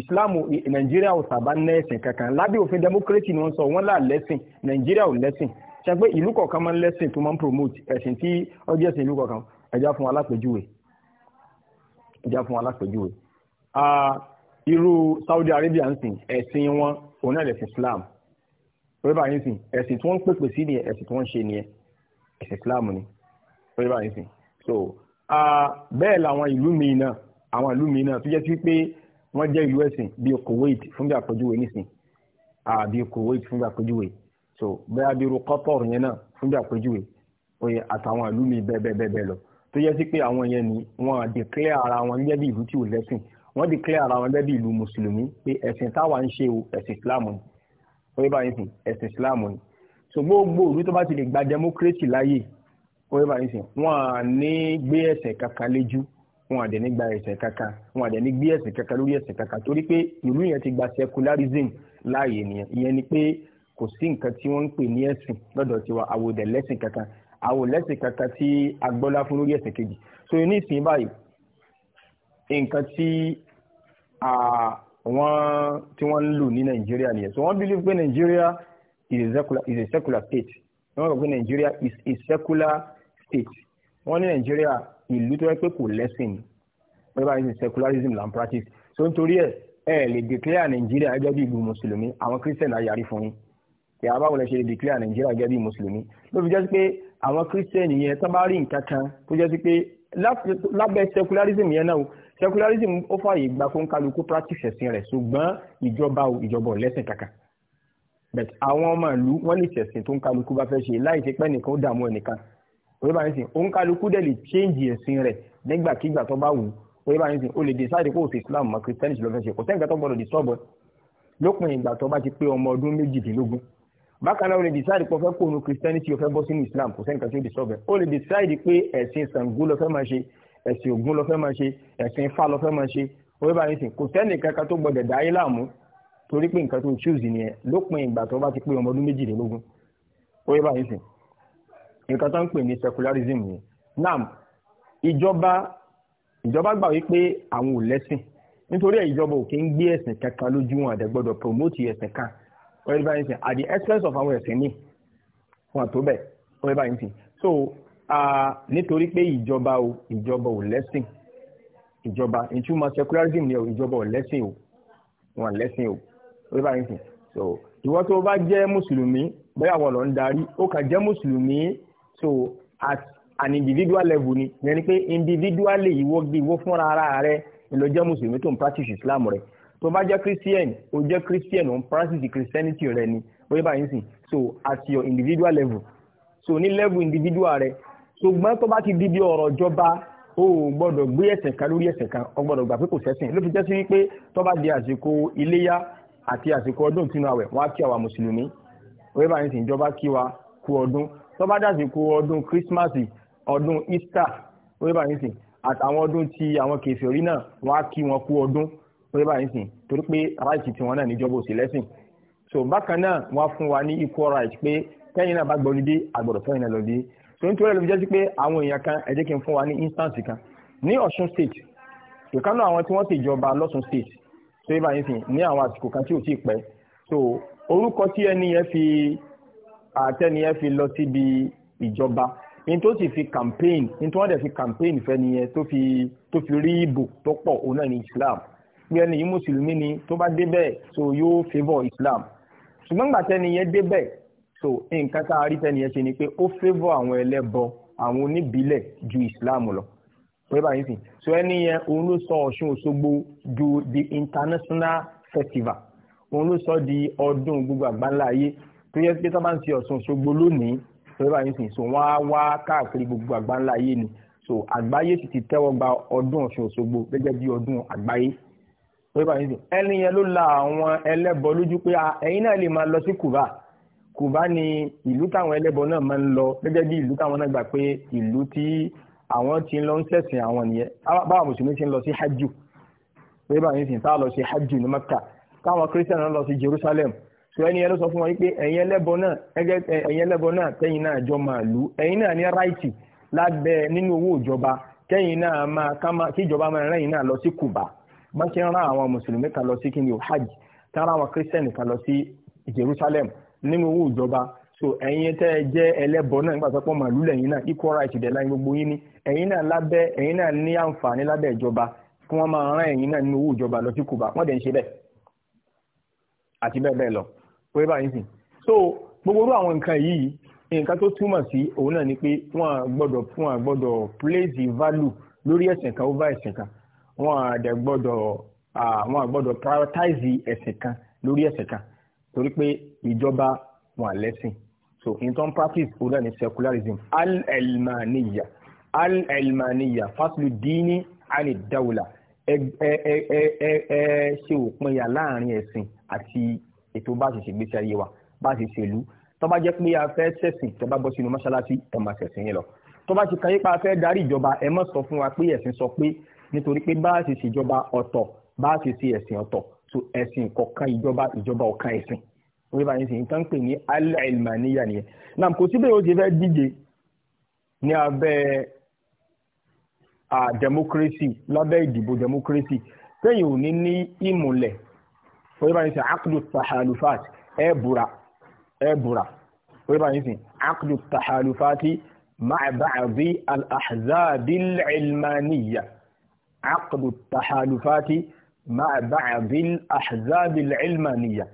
islam nàìjíríà ò sábà ní ẹ̀sìn kankan lábẹ́ òfin democracy ni wọ́n sọ wọ́n là lẹ́sìn nàìjíríà ò lẹ́sìn ṣe pé ìlú kọ̀ọ̀kan máa ń lẹ́sìn tó máa ń promote ẹ̀sìn tí ọjọ́ ẹ̀sìn ìlú kọ̀ọ̀kan ẹja fún alápèjúwe ẹja fún alápèjúwe irú saudi arabia ń sìn ẹ̀sìn wọn òun náà lẹ̀sìn islam pẹ̀lú báyìí sìn ẹ̀sìn tí wọ́n ń pèpè sí ni ẹ̀sìn tí wọ́n ń ṣe ni ẹ̀sìn islam ni pẹ̀lú báyìí sìn so bẹ́ẹ̀ làwọn ìlú míì náà àwọn ìlú míì náà tó jẹ́ sí pé wọ́n jẹ́ ìlú ẹ̀sìn bíi Kuwait fúnjà àpèjúwe nísìn bíi Kuwait fúnjà àpèjúwe so bẹ́ẹ̀ abiru Qatar yẹn náà fúnjà àpèjúwe oye àtàwọn ìlú míì bẹ́ẹ̀ bẹ́ẹ̀ bẹ́ẹ̀ lọ tó jẹ́ sí pé àwọn yẹn ni wọ́n declare ara wọn gẹ́gẹ́ bí ìlú tí ò lẹ́sìn wọ́n declare ara wọn gẹ́gẹ́ bí ìlú mùsùlùmí pé ẹ̀sìn táwa ń ṣe o ẹ̀sìn Islam ni oye báyìí sìn ẹ̀sìn Islam ni so gbogbo ìlú tó bá ti lè gba democracy láyè oye bá yín sìn wọn à ní gbé ẹ̀ṣẹ̀ kankan léjú wọn à dẹ̀ ní gba ẹ̀ṣẹ̀ kankan wọn à dẹ̀ ní gbé ẹ̀ṣẹ̀ kankan lórí ẹ̀ṣẹ̀ kankan torí pé ìlú yẹn ti gba secularism láàyè nìyẹn ìyẹn ni pé kò sí nǹkan tí wọ́n ń pè ní ẹ̀sìn lọ́dọ̀ tiwa àwòdẹ̀ lẹ́sìn kankan àwòlẹ́sìn kankan tí a gbọ́lá fún lórí ẹ̀sìn kejì so ní ìsìn báyìí nǹkan tí wọ́n tí wọ́n ń lò ní nàìjíríà nìyẹn so wọ́n believe pé nàìjíríà is a secular is a secular state wọ́n rò pé nàìjíríà is a secular state wọ́n ní nàìjíríà ìlú tó yẹ pé kò lẹ́sìn ni wọ́n bá yẹn secularism and practice so nítorí ẹ̀ ẹ̀ lè declare nàìjíríà gẹ́gẹ́ bí ìlú mùsùlùmí àwọn christian ayarí fún yín ìyá báwo lẹ ṣe lè declare nàìjíríà gẹ́gẹ́ bí mùsùlùmí ló fi jẹ́ sí pé àwọn christian yẹn tó bá rí nǹkan kan tó jẹ́ sí pé lábẹ́ secularism yẹn náà secularism ó fààyè gba fún kálukú practice ẹ̀sìn rẹ̀ ṣùgbọ́n ìjọba ìjọba ò lẹ́sìn kankan but àwọn ọmọ ìlú wọ́n lè ṣẹ̀sìn tó ń kálukú bá fẹ́ ṣe láì ṣe pé ẹnìkan ó dààmú ẹnìkan oyè bá ní sìn òun dẹ̀ lè change ẹ̀sìn rẹ̀ nígbàkigbà tó bá wù oyè bá ní sìn o lè decide kó o ṣe islam mọ́ christianity ló fẹ́ ṣe kò sẹ́ǹkà tó gbọ́dọ̀ disturb ẹ lópin ìgbà tó bá ti pé ọmọ ọdún méjìdínlógún bákan náà o lè decide pé o fẹ́ kó nu christianity o fẹ́ bọ́ sínú islam kò sẹ́ǹkà tó disturb ẹ o lè decide pé ẹ̀sìn Ṣàngó ló fẹ́ máa ṣe ẹ̀sìn Ògún ló fẹ́ máa ṣe ẹ̀sìn Ifá ló fẹ́ máa ṣe oyè bá ní sìn kò sẹ́ni kankan tó gbọ́dọ̀ dá ayé láàmú torí pé nǹkan tó choose nìyẹn lópin ìgbà tó bá ti pé ọmọ ọdún méjìdínlógún oyè bá ní sìn nǹkan tó ń pè ní secularism ni, nam ìjọba ìjọba gbà wípé àwọn ò lẹ́sìn nítorí ẹ̀ ìjọba ò kí ń gbé ẹ̀sìn kankan lójú wọn àdẹ́gbọ́dọ̀ promote ẹ̀sìn kan wọ́n yẹ báyìí sìn at the expense of àwọn ẹ̀sìn míì wọn tó bẹ̀ wọ́n yẹ báyìí sìn so nítorí pé ìjọba o ìjọba ò lẹ́sìn ìjọba ìtumọ̀ secularism ni o ìjọba ò lẹ́sìn o wọn lẹ́sìn o wọ́n yẹ báyìí sìn so ìwọ tó bá jẹ́ mùsùlùmí bẹ́ẹ̀ àwọn lọ ń darí ó kàn jẹ́ mùsùlùmí so at an individual level ni yẹn ni pé individually ìwọ gbé ìwọ fúnra ara rẹ ìlọjẹ mùsùlùmí tó ń practice islam rẹ tó bá jẹ́ christian o jẹ́ christian o ń practice christianity rẹ ni ó yẹ báyìí sìn so at your individual level so ní level individual rẹ ṣùgbọ́n tó bá ti di bí ọ̀rọ̀ ìjọba o ò gbọ́dọ̀ gbé ẹ̀sìn kan lórí ẹ̀sìn kan o gbọ́dọ̀ gbà pé kò sẹ́sìn ló fi jẹ́ sí wípé tó bá di àsìkò iléyá àti àsìkò ọdún ìtúnu àwẹ̀ wọ́n á kí àwa mùsùlùmí ó yẹ báyìí sìn ìjọba kí wa kú ọdún tó bá dàsìkò ọdún Christmas ọdún Easter oyè báyìí sìn àtàwọn ọdún tí àwọn kèfèrí náà wọ́n á kí wọn kú ọdún oyè báyìí sìn torí pé right tiwọn náà níjọba òsì lẹ́sìn so bákan náà wọ́n á fún wa ní equal right pé kẹ́yìn náà bá gbọ́ lóde àgbọ̀dọ̀ fẹ́yìn náà lóde so nítorí ẹ̀ ló fi jẹ́ sí pé àwọn èèyàn kan ẹ jẹ́ kí n fún wa ní instance kan ní Ọ̀ṣun state ìkànnì àwọn tí wọ́n ti jọba lọ́ṣun state so yìí báyìí sìn ní àwọn àsìkò kan tí ò tí ì pẹ́ so orúkọ tí ẹni yẹn fi àtẹnìyẹn fi lọ síbi ìjọba ní tó sì fi campaign ní tó wọ́n dẹ̀ fi campaign fẹ́ nìyẹn tó fi tó fi rí ìbò tó pọ̀ òun náà ní Islam bí ẹni yìí mùsùlùmí ni tó bá débẹ̀ so yóò favour Islam ṣùgbọ́n gbà tẹnìyẹn débẹ̀ so nǹkan tá a rí tẹnìyẹn ṣe ni pé ó favour àwọn ẹlẹ́bọ àwọn oníbílẹ̀ ju Islam lọ pé báyìí sìn so ẹni yẹn òun ló sọ Ọ̀ṣun Òṣogbo ju the international festival òun ló sọ di ọdún gbogbo àgbáńlá ayé tó yẹ pé tó bá ń ṣe Ọ̀ṣun Òṣogbo lónìí tó yẹ báyìí sìn so wọ́n á wá káàkiri gbogbo àgbáńlá ayé ni so àgbáyé sì ti tẹ́wọ́ gba ọdún Ọ̀ṣun Òṣogbo gẹ́gẹ́ bí ọdún àgbáyé tó yẹ báyìí sìn ẹni yẹn ló la àwọn ẹlẹ́bọ lójú pé ẹ̀yin náà lè máa lọ sí Kùbà Kùbà ni ìlú táwọn ẹlẹ́bọ náà máa ń lọ gẹ́gẹ́ bí ìlú táwọn náà gbà pé ìlú tí àwọn ti ń lọ ń ṣẹ̀sìn àwọn nìyẹn báwọn mùsùlùmí ti ń lọ sí hajj pé báyìí sìn táwọn lọ sí hajj ní Mẹ́kà táwọn kírísítẹ̀nì lọ sí Jerusalem so ẹni yẹn ló sọ fún wọn pé ẹ̀yin ẹlẹ́bọ náà ẹgẹ́ ẹ̀yin ẹlẹ́bọ náà tẹ́yin náà jọ máa lù ẹ̀yin náà ní ráìtì lábẹ́ nínú owó ìjọba kẹ́yin náà máa ká máa kí ìjọba máa lọ sí Kùbà bá ṣe ń àwọn mùsùlùmí kan lọ hajj àwọn kan lọ sí Jerusalem nínú so ẹ̀yin tẹ́ ẹ jẹ́ ẹlẹ́bọ náà nígbà tó pọ̀ màálù lẹ́yìn náà equal right dẹ̀ láyé gbogbo yín ní ẹ̀yin náà lábẹ́ kò yẹ báyìí sìn so gbogbo irú àwọn nǹkan yìí nǹkan tó túmọ̀ sí òun náà ni pé wọ́n gbọ́dọ̀ fún wọn gbọ́dọ̀ place value lórí ẹ̀sìn kan over ẹ̀sìn kan wọ́n dẹ̀ gbọ́dọ̀ wọ́n gbọ́dọ̀ prioritize ẹ̀sìn kan lórí ẹ̀sìn kan torí pé ìjọba wọn lẹ́sìn so in turn practice òun náà ni secularism al-elmaniya al-elmaniya faslu dini ani dawla ẹ ẹ ẹ ẹ ẹ ṣe òpinya láàrin ẹ̀sìn àti ètò bá ṣe ṣe gbèsè ayé wa bá ṣe ṣèlú tó bá jẹ́ pé a fẹ́ ṣẹ̀sìn tó bá bọ́ sínú mọ́ṣáláṣí ẹ máa ṣẹ̀sìn yín lọ tó bá ti kan yípa a fẹ́ darí ìjọba ẹ má sọ fún wa pé ẹ̀sìn sọ pé nítorí pé bá ṣe ṣèjọba ọ̀tọ̀ bá ṣe ṣe ẹ̀sìn ọ̀tọ̀ so ẹ̀sìn kọ̀ọ̀kan ìjọba ìjọba ọ̀kan ẹ̀sìn orí bá yín sìn nǹkan pè ní al-ilmaniya nìyẹn náà kò síbẹ̀ yóò ṣe fẹ́ díje ní abẹ́ democracy lábẹ́ ìdìbò democracy tẹ́yìn ò ní ní ìmùlẹ̀ oyè báyìí sìn akudu tahalufat ẹ bura ẹ bura oyè báyìí sìn akudu tahalufati macbacdi alaxzaabi lcilmaniya akudu tahalufati macbacdi alaxzaabi lcilmaniya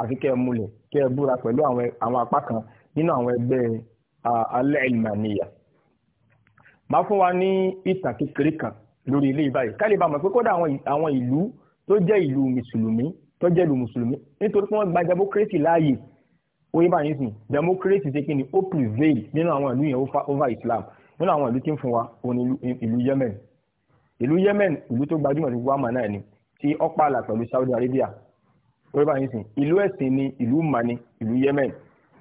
àfi kẹ́ ẹ múlẹ̀ kẹ́ ẹ búra pẹ̀lú àwọn apá kan nínú àwọn ẹgbẹ́ alẹ́ẹ̀lìmàníyà. máa fún wa ní ìtàn kékeré kan lórí ilé ìbáyìí ká lè bá mọ̀ pé kódà àwọn ìlú tó jẹ́ tó jẹ́ ìlú mùsùlùmí nítorí pé wọ́n gba democracy láàyè oyè bá yín sìn democracy ṣe kí ni ó prevail nínú àwọn ìlú yẹn over Islam nínú àwọn ìlú tí ń fún wa òun ìlú Yemen ìlú Yemen ìlú tó gbajúmọ̀ ní guama náà ni tí ó pààlà pẹ̀lú Saudi Arabia oyè bá yín sìn ìlú ẹ̀sìn ni ìlú mani ìlú Yemen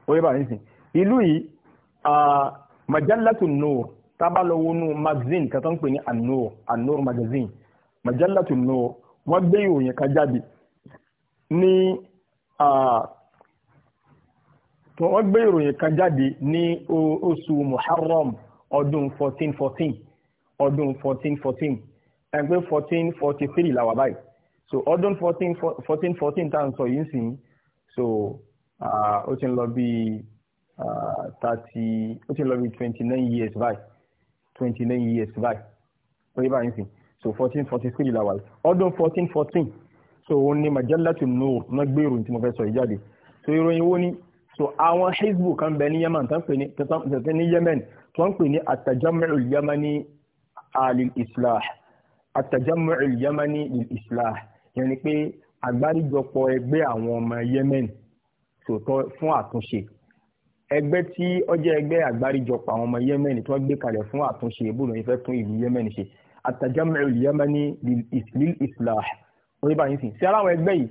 oyè bá yín sìn ìlú yìí majalatu Nur tábàlọ́wọ́nù magazine kan tó ń pè ní An-Nur magazine majalatu Nur wọ́n gbé ìròyìn kan jáde ní tó wọ́n gbé ìròyìn kan jáde ní oṣù muharram ọdún 1414 ọdún 1414 ẹgbẹ́ 1443 làwà báyìí so ọdún 1414 tá à ń sọ yìí sìn so ó ti ń lọ bí thirty ó ti ń lọ bí twenty nine years báyìí twenty nine years báyìí ó yẹ báyìí sìn so 1443 làwà ọdún 1414 so òun ni majalatu nur náà gbèrò tí mo fẹ́ sọ ìjáde so ìròyìn wo ni so àwọn hezbo kan bẹ ní yemen tán pè ní tẹ̀tẹ̀ ní yemen tó ń pè ní atajamu yamani alil islah atajamu yamani lil islah yẹn ni pé àgbáríjọpọ̀ ẹgbẹ́ àwọn ọmọ yemen sòtọ́ fún àtúnṣe ẹgbẹ́ tí ó jẹ́ ẹgbẹ́ àgbáríjọpọ̀ àwọn ọmọ yemen tó gbé kalẹ̀ fún àtúnṣe ìbúrò yìí fẹ́ tún ìlú yemen ṣe atajamu yamani lil islah orí báyìí sìn sí aláwọn ẹgbẹ́ yìí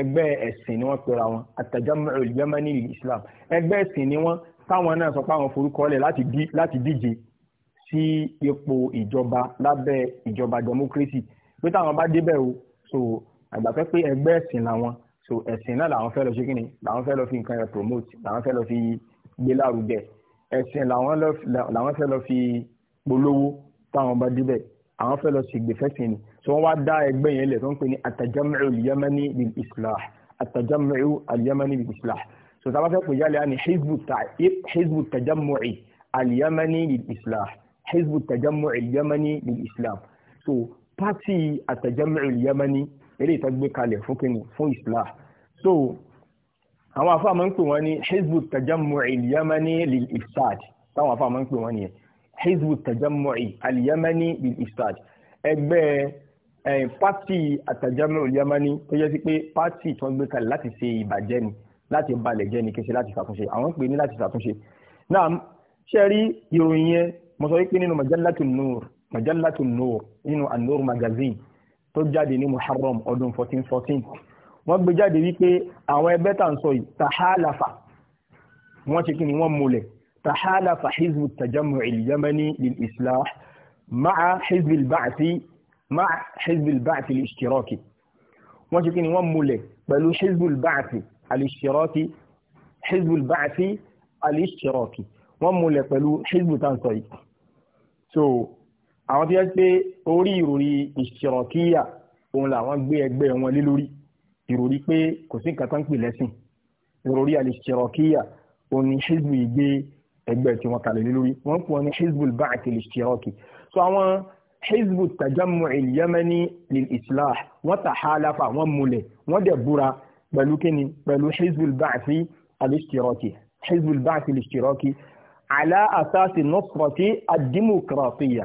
ẹgbẹ́ ẹ̀sìn ni wọ́n pera wọn àtàjámọ́ Yamani Islam ẹgbẹ́ ẹ̀sìn ni wọ́n táwọn náà sọ pé àwọn forúkọlẹ̀ láti díje sí ipò ìjọba lábẹ́ ìjọba democracy pé táwọn bá débẹ̀ o so àgbàfẹ́ pé ẹgbẹ́ ẹ̀sìn làwọn so ẹ̀sìn náà làwọn fẹ́ lọ ṣe kí ni làwọn fẹ́ lọ fi nǹkan yẹn promote làwọn fẹ́ lọ fi gbé lárugẹ ẹ̀sìn làwọn fẹ́ lọ fi polówó táwọn bá débẹ̀ àwọn fẹ́ lọ ṣègbè fẹ́sìn ni tí wọ́n wá dá ẹgbẹ́ yẹn lẹ̀ tó ń pè ní atajamu al-yamani bil islah atajamu al-yamani bil islah so tá a bá fẹ́ pè jálẹ̀ á ní hizbu tajamu'i al-yamani bil islah hizbu tajamu'i al-yamani bil islam so pati atajamu al-yamani eré ìtàgbé kalẹ̀ fún kíni fún islah so àwọn afáàmà ń pè wọ́n ní hizbu tajamu'i yamani lil ifsad táwọn afáàmà ń pè wọ́n ní hizbu tajamu'i yamani lil ifsad ẹgbẹ́ ẹ̀yìn eh, pátì àtàjámẹ́ olùyámání tó yẹ sí pé pátì tí wọ́n gbé kalẹ̀ láti ṣe ìbàjẹ́ ni láti balẹ̀ jẹ́ ni kí n ṣe láti ṣàtúnṣe àwọn ń pè ní láti ṣàtúnṣe. náà ṣe rí ìròyìn yẹn mo sọ wípé nínú majalatu nur majalatu nur nínú an-nur magazine tó jáde ní muharram ọdún fourteen fourteen wọ́n gbé jáde wípé àwọn ẹgbẹ́ tà ń sọ yìí tahalafa wọ́n ṣe kí ni wọ́n múlẹ̀ tahalafa hizbu tajamu al lil islah ma'a hizbi al مع حزب البعث الاشتراكي، ishtiraki wọ́n ṣe kí ni wọ́n múlẹ̀ pẹ̀lú hezbul báàtì al-ishtiraki hezbul báàtì al-ishtiraki wọ́n múlẹ̀ pẹ̀lú hezbul yìí so àwọn tó yẹ pé orí ìròrí ìṣirọ̀kíyà òun làwọn gbé ẹgbẹ́ wọn lé lórí ìròrí pé kò sí nǹkan tó ń pè lẹ́sìn ìròrí àlìṣirọ̀kíyà òun ni hezbu yìí gbé ẹgbẹ́ tí wọ́n kalẹ̀ lé lórí wọ́n pọ̀ ní hezbul ba'ath so àwọn hizbu tajamu yamani lil islah wọ́n ta halafa wọ́n múlẹ̀ wọ́n dẹ̀ búra pẹ̀lú kíni pẹ̀lú hizbu ba'thi al-ishtiraki hizbu ba'thi al-ishtiraki ala asasi nusrati ad-demokratiya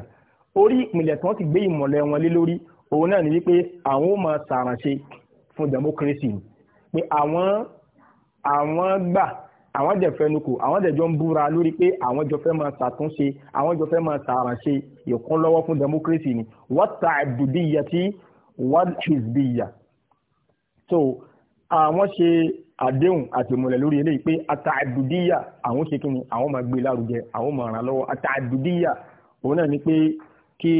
orí ìpìlẹ̀ tí wọ́n ti gbé ìmọ̀lẹ̀ wọn lé lórí òun náà ni wípé àwọn ó máa sàrànṣe fún democracy pé àwọn àwọn gbà àwọn jẹ fẹnukò àwọn jẹjọ ń búra lórí pé àwọn jọ fẹ́ máa ṣàtúnṣe àwọn jọ fẹ́ máa ṣàrànṣe ìkún lọ́wọ́ fún democracy ni wọ́n ta àdùdíyà tí wọ́n hizbiyya. so àwọn ṣe àdéhùn àti ìmọ̀lẹ̀ lórí eléyìí pé ata àdùdíyà àwọn ṣe kíni àwọn máa gbé lárugẹ àwọn máa ràn lọ́wọ́ ata àdùdíyà òun náà ni pé kí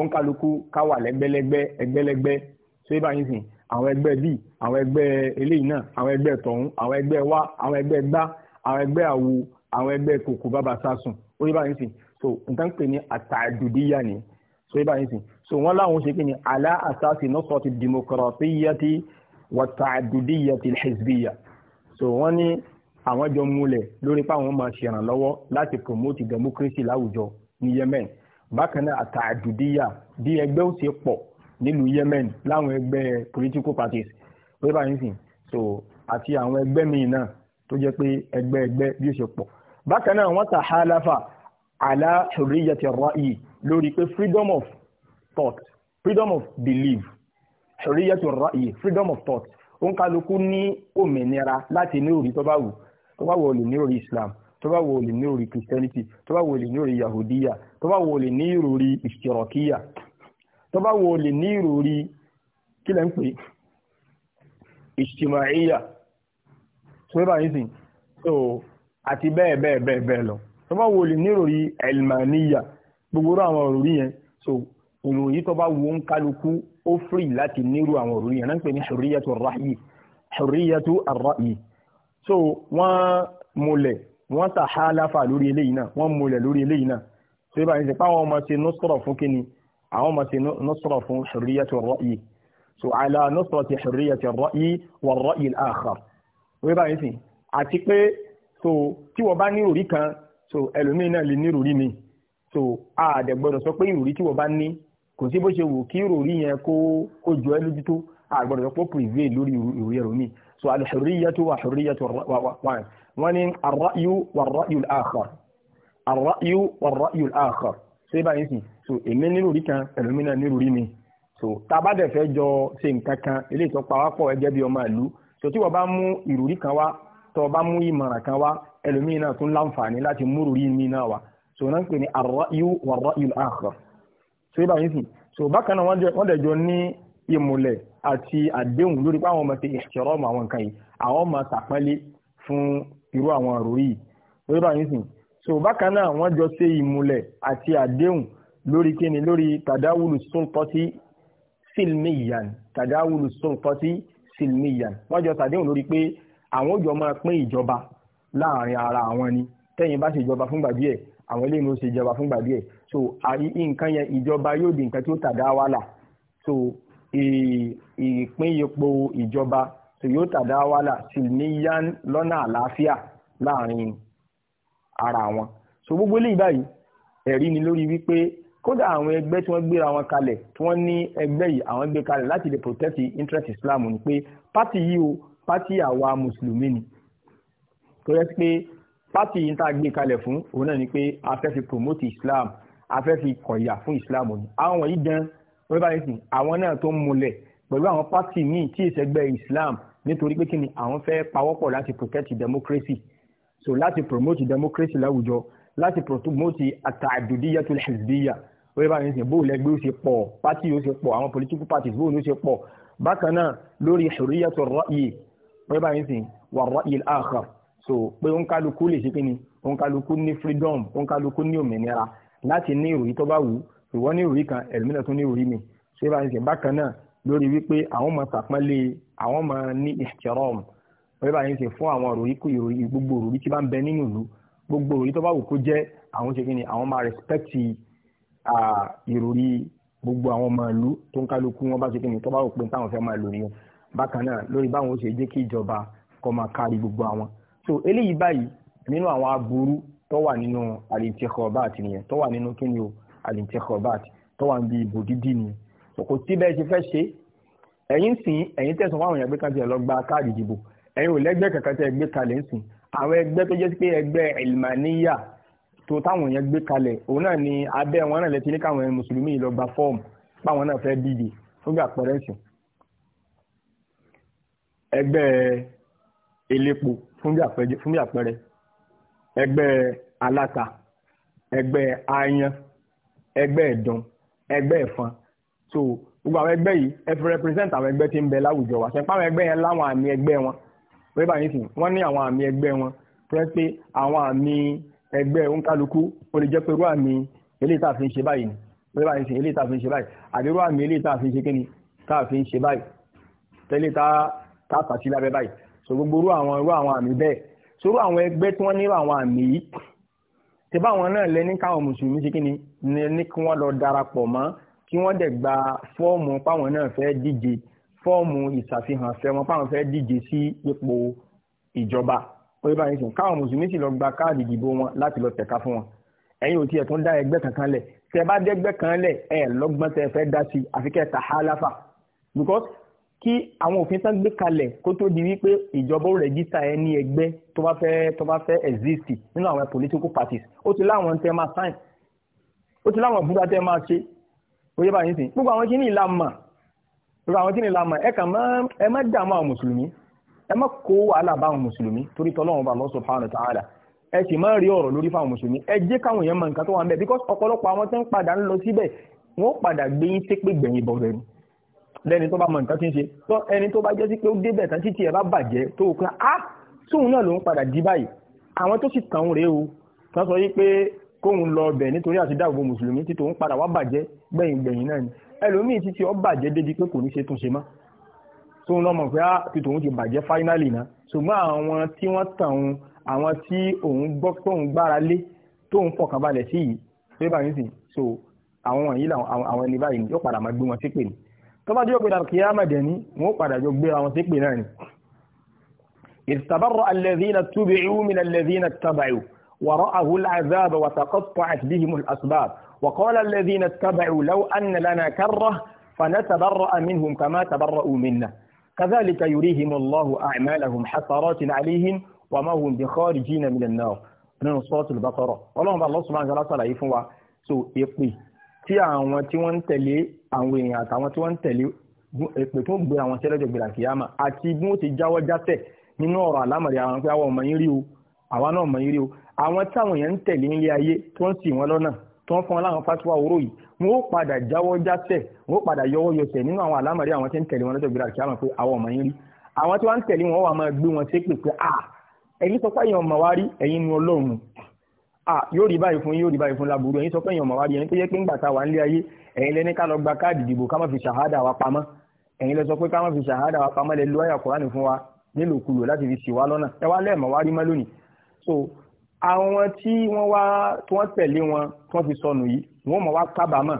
òǹkàlùkù káwà lẹ́gbẹ́lẹ́gbẹ́ ẹgbẹ́lẹ́gbẹ́ so ibà sìn àwọn ẹgbẹ́ bíi àwọn ẹgbẹ́ eléyìí náà àwọn ẹgbẹ́ tọ̀hún àwọn ẹgbẹ́ wa àwọn ẹgbẹ́ gbá àwọn ẹgbẹ́ àwo àwọn ẹgbẹ́ kòkó bàbá sásùn ó yẹ báyìí sìn so nǹkan pè ní àtàdùdíyà ni so yẹ báyìí sìn so wọ́n láwọn ṣe kí ni alá àsáàsì nọ́sọ̀ ti dìmọ̀kọ̀rọ̀síyàtì wàtàdùdíyàtì hizbiyya so wọ́n ní àwọn jọ múlẹ̀ lórí pé àwọn máa ṣèrànlọ́wọ́ láti promote democracy láwùjọ ní Yemen bákan náà àtàdùdíyà bí ẹgbẹ́ ó ṣe pọ̀ nílùú Yemen láwọn ẹgbẹ́ political parties pé báyìí sìn so àti àwọn ẹgbẹ́ míì náà tó jẹ́ pé ẹgbẹ́ ẹgbẹ́ bí ó ṣe pọ̀ bákan náà wọ́n tahalafa ala hurriyati ar-ra'yi lórí pé freedom of thought freedom of belief hurriyati ar-ra'yi freedom of thought òǹkàlùkù ní òmìnira láti ní òrí tó bá wù tó bá wù ó lè ní òrí Islam tó bá wù ó lè ní òrí Christianity tó bá wù ó lè ní òrí Yahudiya tó bá wù ó lè ní ìròrí ìṣirọ̀kíyà tó bá wù ó lè ní ìròrí kílẹ̀ ń pè é ìṣtìmáyíyà tó bá yìí sìn so àti bẹ́ẹ̀ bẹ́ẹ̀ bẹ́ẹ̀ bẹ́ẹ̀ lọ tó bá wo lè níròrí elmaniya gbogbo àwọn òròrí yẹn so òròrí tó bá wo ń kálukú ó firi láti nírú àwọn òròrí yẹn náà ń ní hurriyatu ar-ra'yi hurriyatu ar-ra'yi so wọ́n múlẹ̀ wọ́n tàhálàfà lórí eléyìí náà wọ́n múlẹ̀ lórí eléyìí náà tó bá yìí sìn pé àwọn ọmọ ti nọ́sọ̀rọ̀ fún kíni àwọn ọmọ ti nọ́sọ̀rọ̀ fún hurriyatu ar so àìlà nusrati hurriyati ar-ra'yi war-ra'yi al-akhar wíwá báyìí sìn àti pé so tí wọ́n bá ní ìròrí kan so ẹlòmíín náà lè ní ìròrí mi so àdẹ̀ gbọ́dọ̀ sọ pé ìròrí tí wọ́n bá ní kò sí bó ṣe wù kí ìròrí yẹn kó kó jọ ẹ́ lójú tó àgbọ́dọ̀ sọ pé prevail lórí ìròrí ẹlòmíín so al-hurriyatu wa hurriyatu wọ́n ní ar-ra'yu war-ra'yu al-akhar ar-ra'yu war-ra'yu al-akhar ṣé báyìí sìn so èmi níròrí kan ẹlòmíín náà níròrí mi so tá a bá dẹ̀ fẹ́ jọ ṣe nǹkan kan eléyìí tó pa wá pọ̀ gẹ́gẹ́ bí ọmọ ìlú so tí wọ́n bá mú ìròrí kan wá tó bá mú ìmọ̀ràn kan wá ẹlòmíì náà tún láǹfààní láti mú ìròrí mi náà wá so náà ń pè ní ar-ra'yu war-ra'yu al so ibà yìí sì so bákan náà wọ́n dẹ̀ jọ ní ìmùlẹ̀ àti àdéhùn lórí pé àwọn ọmọ ti ìṣẹ̀rọ̀mù àwọn nǹkan yìí àwọn ọmọ sàpẹ́lẹ̀ fún irú àwọn ìròrí so ibà yìí sì so bákan náà wọ́n jọ ṣe ìmùlẹ̀ àti àdéhùn lórí kíni lórí tàdáwùlù sùn silmiyan tàdáwùlù sọ̀tọ́tì silmiyan wọ́n jọ tàdéhùn lórí pé àwọn òjò máa pín ìjọba láàrin ara àwọn ni tẹ́yìn bá ṣe ìjọba fúngbà díẹ̀ àwọn eléyìí ló ṣe ìjọba fúngbà díẹ̀ so nǹkan yẹn ìjọba yóò di nǹkan tó tàdáwàlà so ìpín ipò ìjọba so yóò tàdáwàlà silmiyan lọ́nà àlàáfíà láàrin ara wọn so gbogbo eléyìí báyìí ẹ̀rí ni lórí wípé kódà àwọn ẹgbẹ́ tí wọ́n gbéra wọn kalẹ̀ tí wọ́n ní ẹgbẹ́ yìí àwọn gbé kalẹ̀ láti lè protect interest Islam ni pé pátì yìí o pátì àwa mùsùlùmí ni tó yẹ pé pátì yìí ń tá gbé kalẹ̀ fún òun náà ni pé a fẹ́ fi promote Islam a fẹ́ fi kọ̀yà fún Islam ni àwọn wọ̀nyí gan wọ́n bá yẹn sìn àwọn náà tó ń múlẹ̀ pẹ̀lú àwọn pátì míì tí ìṣẹ́gbẹ́ Islam nítorí pé kí ni àwọn fẹ́ pawọ́pọ̀ láti protect democracy so láti promote democracy láwùjọ láti promote àtàdùdíyàtul hizbiyya orí bá yẹn sìn bóòlù ẹgbẹ́ ó ṣe pọ̀ pátì ó ṣe pọ̀ àwọn political parties bóòlù ó ṣe pọ̀ bákan náà lórí hurriyatur ra'yi orí bá yẹn wà ra'yi al so pé òǹkálukú lè ṣe kíni òǹkálukú ní freedom òǹkálukú ní òmìnira láti ní ìròyìn tó bá wù ìwọ ní ìròyìn kan ẹlòmínà tó ní ìròyìn mi ṣé bá yẹn sìn bákan náà lórí wípé àwọn máa ṣàpọ́nlé àwọn máa ní ihtiram orí bá yẹn sìn fún àwọn ìròyìn gbogbo ìròyìn tí bá ń bẹ nínú ìlú gbogbo ìròyìn tó bá wù kó jẹ́ àwọn ṣe kíni àwọn máa respect ìròrí gbogbo àwọn ọmọ ìlú tó ń kálukú wọn bá ṣe kíni tó bá rò pé táwọn fẹ́ máa lò nìyẹn bákan náà lórí báwọn ó ṣe jẹ́ kí ìjọba kọ́ máa kárí gbogbo àwọn so eléyìí báyìí nínú àwọn aburú tó wà nínú alintikhobat nìyẹn tó wà nínú kíni o alintikhobat tó wà níbi ìbò dídì nìyẹn so kò tí bẹ́ẹ̀ ṣe fẹ́ ṣe ẹ̀yin sìn ẹ̀yin tẹ̀sán fún àwọn èèyàn pé kan tiẹ̀ lọ gba káàdì ìdìbò ẹ̀yin tó táwọn èèyàn gbé kalẹ̀ òun náà ni abẹ́ wọn náà lẹ́tí ní káwọn ẹni mùsùlùmí lọ gba fọ́ọ̀mù báwọn náà fẹ́ dìde fún bí àpẹẹrẹ sùn ẹgbẹ́ elépo fún bí àpẹẹrẹ ẹgbẹ́ aláta ẹgbẹ́ ayan ẹgbẹ́ ẹ̀dán ẹgbẹ́ ẹ̀fọn so gbogbo àwọn ẹgbẹ́ yìí ẹ fi represent àwọn ẹgbẹ́ tí ń bẹ láwùjọ wa ṣe páwọn ẹgbẹ́ yẹn láwọn àmì ẹgbẹ́ wọn wọ́n bá yín sìn wọ́n ní àwọn àmì ẹgbẹ́ wọn pẹ́ pé àwọn àmì ẹgbẹ́ òǹkálukú ó lè jẹ́ pé irú àmì eléyìí tá a fi ń ṣe báyìí ni pé báyìí ṣe eléyìí tá a fi ń ṣe báyìí àbí irú àmì eléyìí fi ń ṣe kíni tá a fi ń ṣe báyìí tẹ́lẹ̀ tá a tà sí lábẹ́ báyìí so gbogbo irú àwọn irú àwọn àmì bẹ́ẹ̀ so irú àwọn ẹgbẹ́ tí wọ́n nírú àwọn àmì yìí tí báwọn náà lẹ ní káwọn mùsùlùmí ṣe kíni ní kí wọ́n lọ darapọ̀ mọ́ kí wọ́n dẹ̀ gba fọ́ọ̀mù páwọn náà fẹ́ díje fọ́ọ̀mù ìṣàfihàn fẹ́ wọn páwọn fẹ́ díje sí ipò ìjọba orí báyìí sìn káwọn mùsùlùmí sì lọ gba káàdì ìdìbò wọn láti lọ tẹ̀ka fún wọn ẹ̀yin ò tiẹ̀ tún dá ẹgbẹ́ kankan lẹ̀ tẹ bá dẹ́gbẹ́ kan lẹ̀ ẹ̀ lọ́gbọ́n tẹ fẹ́ dá sí àfikẹ́ tahalafa because kí àwọn òfin tán gbé kalẹ̀ kó tó di wípé ìjọba ó rẹ̀gísítà ẹ ní ẹgbẹ́ tó bá fẹ́ tó bá fẹ́ exist nínú àwọn political parties ó ti láwọn tẹ máa sign ó ti láwọn búra tẹ máa ṣe oyè báyìí sìn gbogbo àwọn kí ni ìlànà gbogbo àwọn kí ni ìlànà ẹ kàn má ẹ má dààmú àwọn mùsùlùmí ẹ má kó wàhálà bá àwọn mùsùlùmí torí tọ́lọ́run bá Allah subhanahu wa ta'ala ẹ sì má rí ọ̀rọ̀ lórí fáwọn mùsùlùmí ẹ jẹ́ káwọn èèyàn mọ nǹkan tó wà ń bẹ̀ because ọ̀pọ̀lọpọ̀ àwọn tó ń padà ń lọ síbẹ̀ wọ́n padà gbé yín tépè gbẹ̀yìn bọ̀ rẹ̀ ni lẹ́ni tó bá mọ nǹkan tí ń ṣe tó ẹni tó bá jẹ́ sí pé ó débẹ̀ tán títí ẹ̀ bá bàjẹ́ tó o pé á ah, sóun náà ló ń padà di báyìí àwọn tó sì tàn rèé o tán sọ yìí pé kóun lọ ọbẹ̀ nítorí àti dáàbò mùsùlùmí títò ń padà wá bàjẹ́ gbẹ̀yìn gbẹ̀yìn náà ni ẹlòmíì títí ọ bàjẹ́ débi pé kò ní ṣe túnṣe mọ́ tó ń lọ́mọ̀ pé á ah, ti tòun ti bàjẹ́ fáínàlì náà ṣùgbọ́n àwọn tí wọ́n tàn òun àwọn tí òun gbọ́ tóun gbára lé tóun fọkànbalẹ̀ sí yìí pé báyìí sì so àwọn wọ̀nyí àwọn ẹni báyìí yóò padà máa gbé wọn ṣépè ni tó bá dé òpin àti kíyàmá dẹ̀ ní wọn ó padà jọ gbéra wọn ṣépè náà ni. istabarra alladhina tubi'u min alladhina ittaba'u wa ra'ahu al'azaba wa taqatta'at bihim al'asbab كذلك يريهم الله أعمالهم حسرات عليهم وما هم بخارجين من النار nínú sọ́ọ̀tù lùbákọ́rọ̀ ọlọ́run bá lọ́sùn máa ń gbára sàlàyé fún wa so èpè tí àwọn tí wọ́n ń tẹ̀lé àwọn èèyàn àtàwọn tí wọ́n ń tẹ̀lé èpè tó gbé àwọn tí ẹlẹ́jọ́ gbèrà kìyàmà àti bí wọ́n ti jáwọ́ jáfẹ̀ nínú ọ̀rọ̀ àlámọ̀rí àwọn pé àwọn ọmọ yín rí o àwa náà mọ̀ yín rí o àwọn táwọn èèyàn ń tẹ̀lé nílé ayé tó ń ṣì wọ́n lọ́nà tó ń fún wọn láwọn fásitì wa òró yìí wọn ó padà jáwọ́ jásẹ̀ wọn ó padà yọwọ́ yọsẹ̀ nínú àwọn àlámọ̀rí àwọn tí ń tẹ̀lé wọn lọ́jọ́ gbéra kí á mọ̀ pé àwọn ọmọ yín rí àwọn tí wọ́n ń tẹ̀lé wọn wà máa gbé wọn ṣépè pé à ẹ̀yin sọ pé èèyàn ọmọ wa rí ẹ̀yin nu ọlọ́run à yóò rí báyìí fún yóò rí báyìí fún laburu ẹ̀yin sọ pé èèyàn ọmọ wa rí ẹ̀yin tó yẹ pé ńgbà tá wà nílé ayé ẹ̀yin lẹ́ni ká lọ gba káàdì ìdìbò ká má fi so àwọn tí wọ́n wá tí wọ́n tẹ̀lé wọn tí wọ́n fi sọnù yìí wọ́n mọ̀ wá kábàámọ̀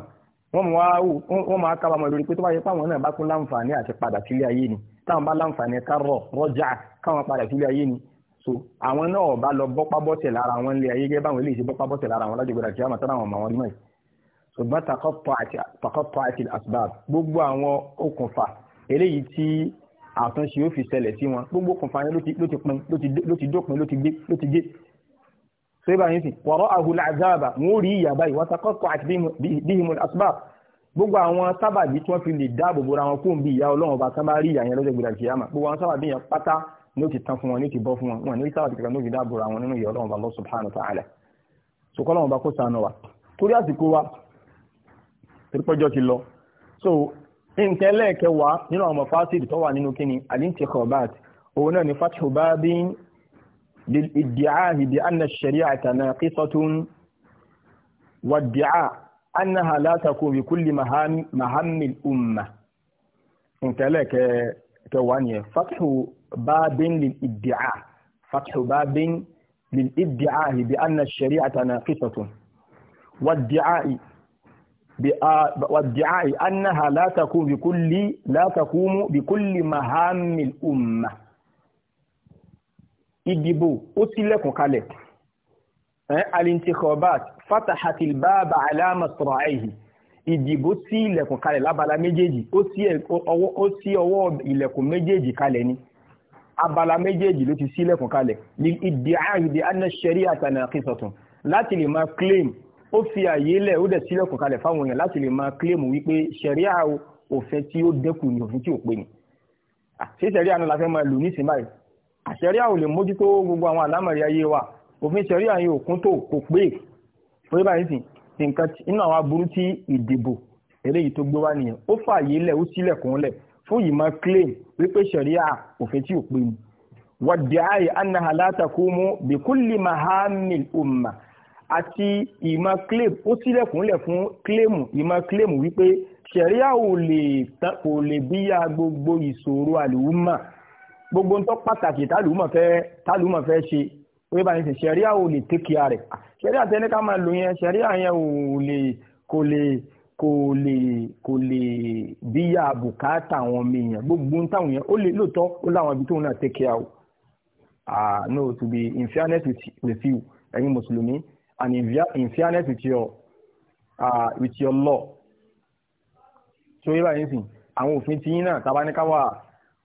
wọ́n mọ̀ wá wọ́n mọ̀ wá kábàámọ̀ lórí pé tó bá yẹ pé àwọn náà bá tún láǹfààní àti padà sílé ayé ni táwọn bá láǹfààní ká rọ́jà káwọn padà sílé ayé ni so àwọn náà bá lọ bọ́pá bọ́tẹ̀ lára àwọn ilé ayé gẹ́gẹ́ báwọn eléyìí ṣe bọ́pá bọ́tẹ̀ lára àwọn lájọgbẹ̀rẹ̀ àti àmọ́ tọ́ra àwọn ọmọ wọn rí mọ́ yìí ṣùgbọ́n takọ́pọ̀ àti asbab gbogbo àwọn okùnfà eléyìí tí àtúnṣe ó fi ṣẹlẹ̀ sí wọn gbogbo okùnfà yẹn ló ti pin ló ti dópin ló ti gé sẹ́bà yìí sì wọ̀rọ̀ àhùlà àzáàbà wọ́n rí ìyà báyìí wọ́n àti bíhìmù asbab gbogbo àwọn sábàbí tí wọ́n fi lè dáàbò bora wọn fún bí ìyá ọlọ́run ọba sábà rí ìyà yẹn lọ́jọ́ gbèrà kìyàmà gbogbo àwọn sábàbí yẹn pátá ní ó ti tán fún wọn ní ó ti bọ́ fún wọn wọn ní sábàbí kankan ní ó fi dáàbò ra wọn nínú ìyá ọlọ́run subhanahu wa ta'ala so kọ́lọ́run ọba kó sànù wa torí àsìkò wa so nǹkan ẹlẹ́ẹ̀kẹwàá nínú àwọn mọ̀fásìlì tó wà nínú kíni àlíntìkọ̀ọ́bàt òun náà للادعاء بأن الشريعة ناقصة وادعاء أنها لا تكون بكل مهام مهام الأمة انت لك كوانية فتح باب للادعاء فتح باب للادعاء بأن الشريعة ناقصة والدعاء والدعاء أنها لا تكون بكل لا تقوم بكل مهام الأمة ìdìbò ó tilẹ̀kùn kalẹ̀ alintikhobat fatahatil baba alama sọ̀rọ̀àìhì ìdìbò sí ilẹ̀kùn kalẹ̀ lábala méjèèjì ó sí ọwọ́ ilẹ̀kùn méjèèjì kalẹ̀ ni abala méjèèjì ló ti sí ilẹ̀kùn kalẹ̀ ìdí àìdí anna sharia tanaqisatun láti lè máa claim ó fi àyè lẹ̀ ó dẹ̀ sí ilẹ̀kùn kalẹ̀ fáwọn èèyàn láti lè máa claim wípé sharia òfin tí ó dẹ́kun ni òfin tí ò pé ni ṣé sharia náà la fẹ́ máa lò nísìnyí báyìí àṣẹríà ò lè mójútó gbogbo àwọn àlámọ̀rí ayé wa òfin ṣẹríà yìí ò kún tó kò pé pé báyìí sì nǹkan inú àwọn aburú tí ìdìbò eléyìí tó gbé wá nìyẹn ó fààyè lẹ̀ ó sílẹ̀kùn lẹ̀ fún yìí máa claim wípé ṣẹríà òfin tí ò pé ni wàdìáyì annaha la taqumu bikulli mahamil umma àti ìmọ̀ claim ó sílẹ̀kùnlẹ̀ fún claim ìmọ̀ claim wípé ṣẹ̀ríà ò lè bí ya gbogbo ìṣòro àlùmọ̀ gbogbo ń tọ́ pàtàkì tálùmọ̀ fẹ́ tálùmọ̀ fẹ́ ṣe wíwá bá ní sè ṣẹ̀ríà ò lè tẹ́kìá rẹ̀ ṣẹ̀ríà tẹ́ni ká máa lò yẹn ṣẹ̀ríà yẹn ò lè kò lè kò lè kò lè bíyà bùkátà àwọn ọmọ èèyàn gbogbo ń táwọn yẹn ó lè lóòótọ́ ó láwọn ibi tóun náà tẹ́kìá o ah no to be in fairness with, with you ẹ̀yin mùsùlùmí and in, in fairness with your uh, with your law so wíwá yẹn sìn àwọn òfin tiyín náà tabaníkà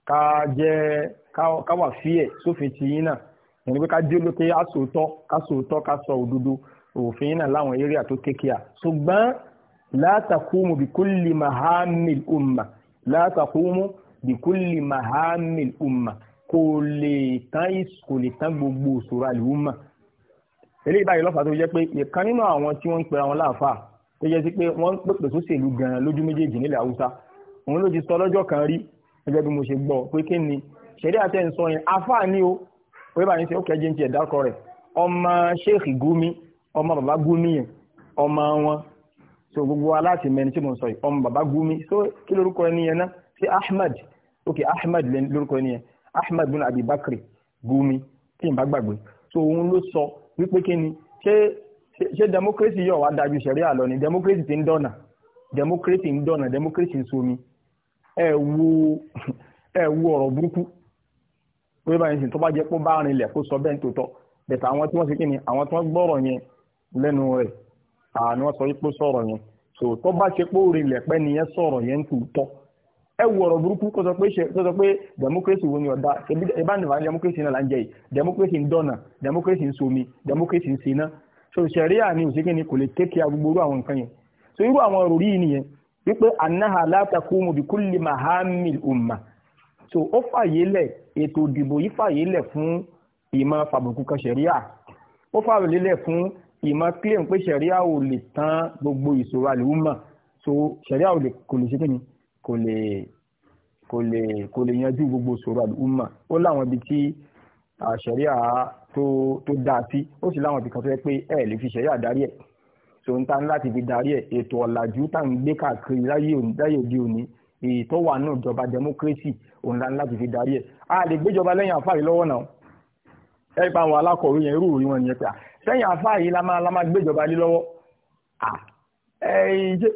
ká jẹ́ ká wà fíẹ̀ sófin ti yín náà ìyẹn pé ká dé lókè á sòótọ́ ká sòótọ́ ká sọ òdodo òfin yín náà láwọn eré àtó kékeré ṣùgbọ́n látàkùmù bìkúlì mahamil umma látàkùmù bìkúlì mahamil umma kò lè tán kò lè tán gbogbo òṣòro àlùmà eléyìí báyìí lọ́fà tó jẹ́ pé ìkan nínú àwọn tí wọ́n ń pera wọn láàfáà tó jẹ́ sí pé wọ́n ń pèpè sóṣèlú gan-an lójú méjèèjì nílẹ̀ haúsá òun ló ti sọ lọ́jọ́ kan rí gẹ́gẹ́ bí mo ṣe gbọ́ pé kí ni ṣẹ̀rí àti ẹ̀ ń sọ yẹn afá ni o pé báyìí ṣe ó kẹ́jẹ́ ń tiẹ̀ dákọ̀ rẹ̀ ọmọ sheikh gumi ọmọ baba gumi yẹn ọmọ wọn so gbogbo wa láti mẹni tí mo sọ yìí ọmọ baba gumi so kí lorúkọ ẹni yẹn ná sí ahmed ok ahmed lorúkọ ẹni yẹn ahmed bin abi bakri gumi tí n bá gbàgbé so òun ló sọ wípé kí ni ṣé ṣé democracy yóò wá dájú ṣẹ̀rí àlọ́ ni democracy ti ń dọ̀nà democracy ń dọ̀nà democracy ń somi ẹ wo ẹ wo ọ̀rọ̀ burúkú wọ́n bá yẹn sìn tó bá jẹ́ pé bá rìn ilẹ̀ kó sọ bẹ́ẹ̀ tó tọ́ bẹ̀tẹ̀ àwọn tí wọ́n ṣe kí ni àwọn tí wọ́n gbọ́rọ̀ yẹn lẹ́nu rẹ̀ àní wọ́n sọ pé sọ̀rọ̀ yẹn so tó bá ṣe pé orin ilẹ̀ pẹ́ nìyẹn sọ̀rọ̀ yẹn tó tọ́ ẹ wo ọ̀rọ̀ burúkú kó sọ pé ṣe kó sọ pé democracy wo ni ọ̀dà ìbá nìfà democracy náà là ń jẹ so ṣẹ̀ríà ni ni kò lè kékeré agbègbè irú so irú àwọn òròrí wípé annaha látakúmù bí kúlì mahamil umma so ó fàyélẹ̀ ètò ìdìbò yìí fàyélẹ̀ fún ìmọ̀ fàbùkù kan ṣẹ̀ríà ó fàyélẹ̀ fún ìmọ̀ claim pé ṣẹ̀ríà ò lè tán gbogbo ìṣòro àlùmọ̀ so ṣẹ̀ríà ò lè kò lè ṣe kí ni kò lè kò lè kò lè yanjú gbogbo ìṣòro àlùmọ̀ ó láwọn ibi tí ṣẹ̀ríà tó tó dáa sí ó sì láwọn ibi kan tó yẹ pé ẹ̀ lè fi ṣẹ̀ríà darí ẹ̀ so n ta ní láti fi darí ẹ̀ ètò ọ̀làjú tá à ń gbé káàkiri láyé òde òní ètò wà náà ìjọba democracy òun la ní láti fi darí ẹ̀ a lè gbéjọba lẹ́yìn àfáà yìí lọ́wọ́ náà ẹ̀ pa àwọn alákọ̀wé yẹn irú òrí wọn nìyẹn pé à sẹ́yìn àfáà yìí la máa la máa gbéjọba lé lọ́wọ́ à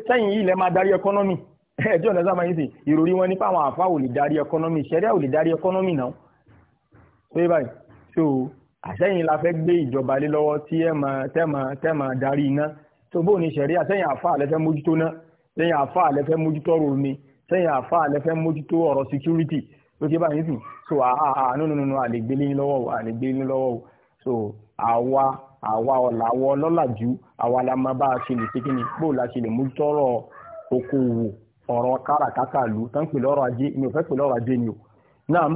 sẹ́yìn yìí lẹ́ máa darí ẹkọ́nọ́mì ẹjọ́ ọ̀nà sábà yìí sì ìròrí wọn nípa àwọn àfáà ò lè darí ẹkọ́nọ́mì ṣẹ́ríà ò lè darí ẹkọ́nọ́mì náà pé báyìí so àsẹ́yìn la fẹ́ gbé ìjọba lé lọ́wọ́ tí ẹ máa tẹ́ máa tẹ́ máa darí iná tó bóun ní sẹ̀ríà sẹ́yìn àfa àlẹ́fẹ́ mójútó náà sẹ́yìn àfa àlẹ́fẹ́ mójútó ọ̀rọ̀ omi sẹ́yìn àfa àlẹ́fẹ́ mójútó ọ̀rọ̀ security ló ti báyìí sìn so àà nùnùnùnù àlègbélé lọ́wọ́ o àlègbélé lọ́wọ́ o so àwa àwa ọ̀làwọ̀ lọ́làjú àwa la máa bá a ṣe lè ṣe kí ni bóun la ṣe lè mójútó ọ̀rọ̀ okòwò ọ̀rọ̀ káràkátà lu tán pè lọ́rọ̀ ajé mi ò fẹ́ pè lọ́rọ̀ ajé ni o náà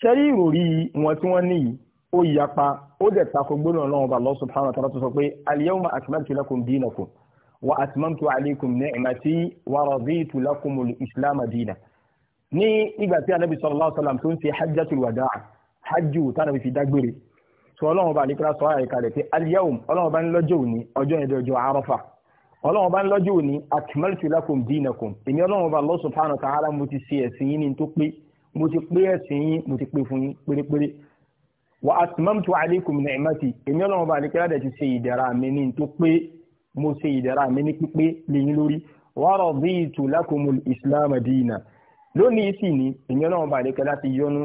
ṣẹ́rí ìròrí wọn tí wọ́n ní yìí ó yapa ó dẹ̀ takò gbóná ọlọ́run ọba Allah subhanahu wa ta'ala tó sọ pé al-yawma akmaltu lakum dinakum wa atmamtu alaykum ni'mati wa raditu lakumul islama dina ní ìgbà tí anabi sallallahu alayhi wa sallam tó ń ṣe hajjatul wadaa hajju tánàbí fi dágbére tí ọlọ́run bá nìkan sọ àyíká rẹ̀ pé al-yawm ọlọ́run bá ń lọ́jọ́ òní ọjọ́ ẹ̀dẹ̀ ọjọ́ àrọ́fà ọlọ́run bá ń lọ́jọ́ òní akmaltu lakum dinakum èmi ọlọ́run bá Allah subhanahu wa ta'ala mo ti ṣe ẹ̀sìn yín ní tó pé mo ti pé ẹ̀sìn yín mo ti pé fún yín pérépéré wa atmamtu alaykum ni'mati èmi ọlọ́run ọba àdìkẹ́lá dẹ̀ ti ṣe ìdẹ̀ra mi ní tó pé mo ṣe ìdẹ̀ra mi ní pípé lẹ́yìn lórí wa raditu lakumul islam dina lónìí sì ni èmi ọlọ́run ọba àdìkẹ́lá ti yọ́nú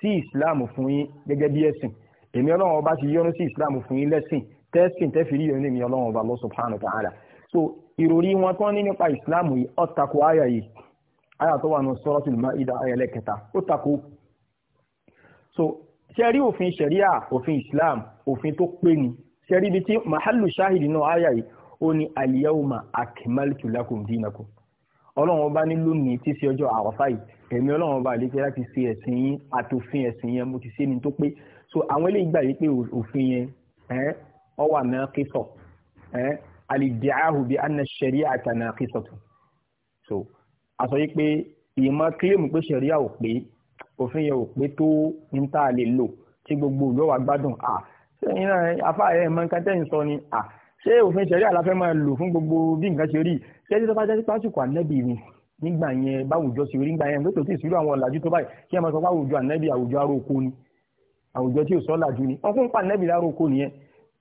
sí islam fún yín gẹ́gẹ́ bí ẹ̀sìn èmi ọlọ́run ọba ti yọ́nú sí islam fún yín lẹ́sìn tẹ́sìn tẹ́fìrí yọ́nú èmi ọlọ́run ọba Allah subhanahu wa ta'ala so ìròrí wọn tó ní nípa islam yìí ó tako àyà yìí àyà tó wà ní suratul maida àyà lẹ́kẹta ó so ṣẹ́rí òfin ṣẹ̀ríà òfin islam òfin tó pé ni ṣẹ́rí ibi tí mahalu shahid nínú àyà yìí ó ní aliyahuma akimaltu lakum dinakum ọlọ́run ọba ní lónìí tí ṣe ọjọ́ àwọ̀fà yìí èmi ọlọ́run ọba àlejò láti ṣe ẹ̀sìn yín àtòfin ẹ̀sìn yẹn mo ti ṣe ni tó pé so àwọn eléyìí gbà yìí pé òfin yẹn ó wà naqisah alìdíáhù bíi anna shari'ata naqisah so àsọyí pé ìmọ̀ kílèmù pé ṣẹ̀ríà ò pé òfin yẹn ò pé tó ń tá lè lò tí gbogbo ìjọ wa gbádùn à sẹ́yìn náà afá ẹ̀ mọ nǹkan tẹ́yìn sọ ni à ṣé òfin ṣẹ̀rí àlàfẹ́ máa lò fún gbogbo bí nǹkan ṣe rí ṣé tí tó bá jẹ́ sí pásìkò ànẹ́bì mi nígbà yẹn báwùjọ ṣe rí nígbà yẹn pé ìṣúlù àwọn ọ̀làjú tó báyìí kí ẹ máa sọ ni àwùjọ tí ò sọ́làjú ni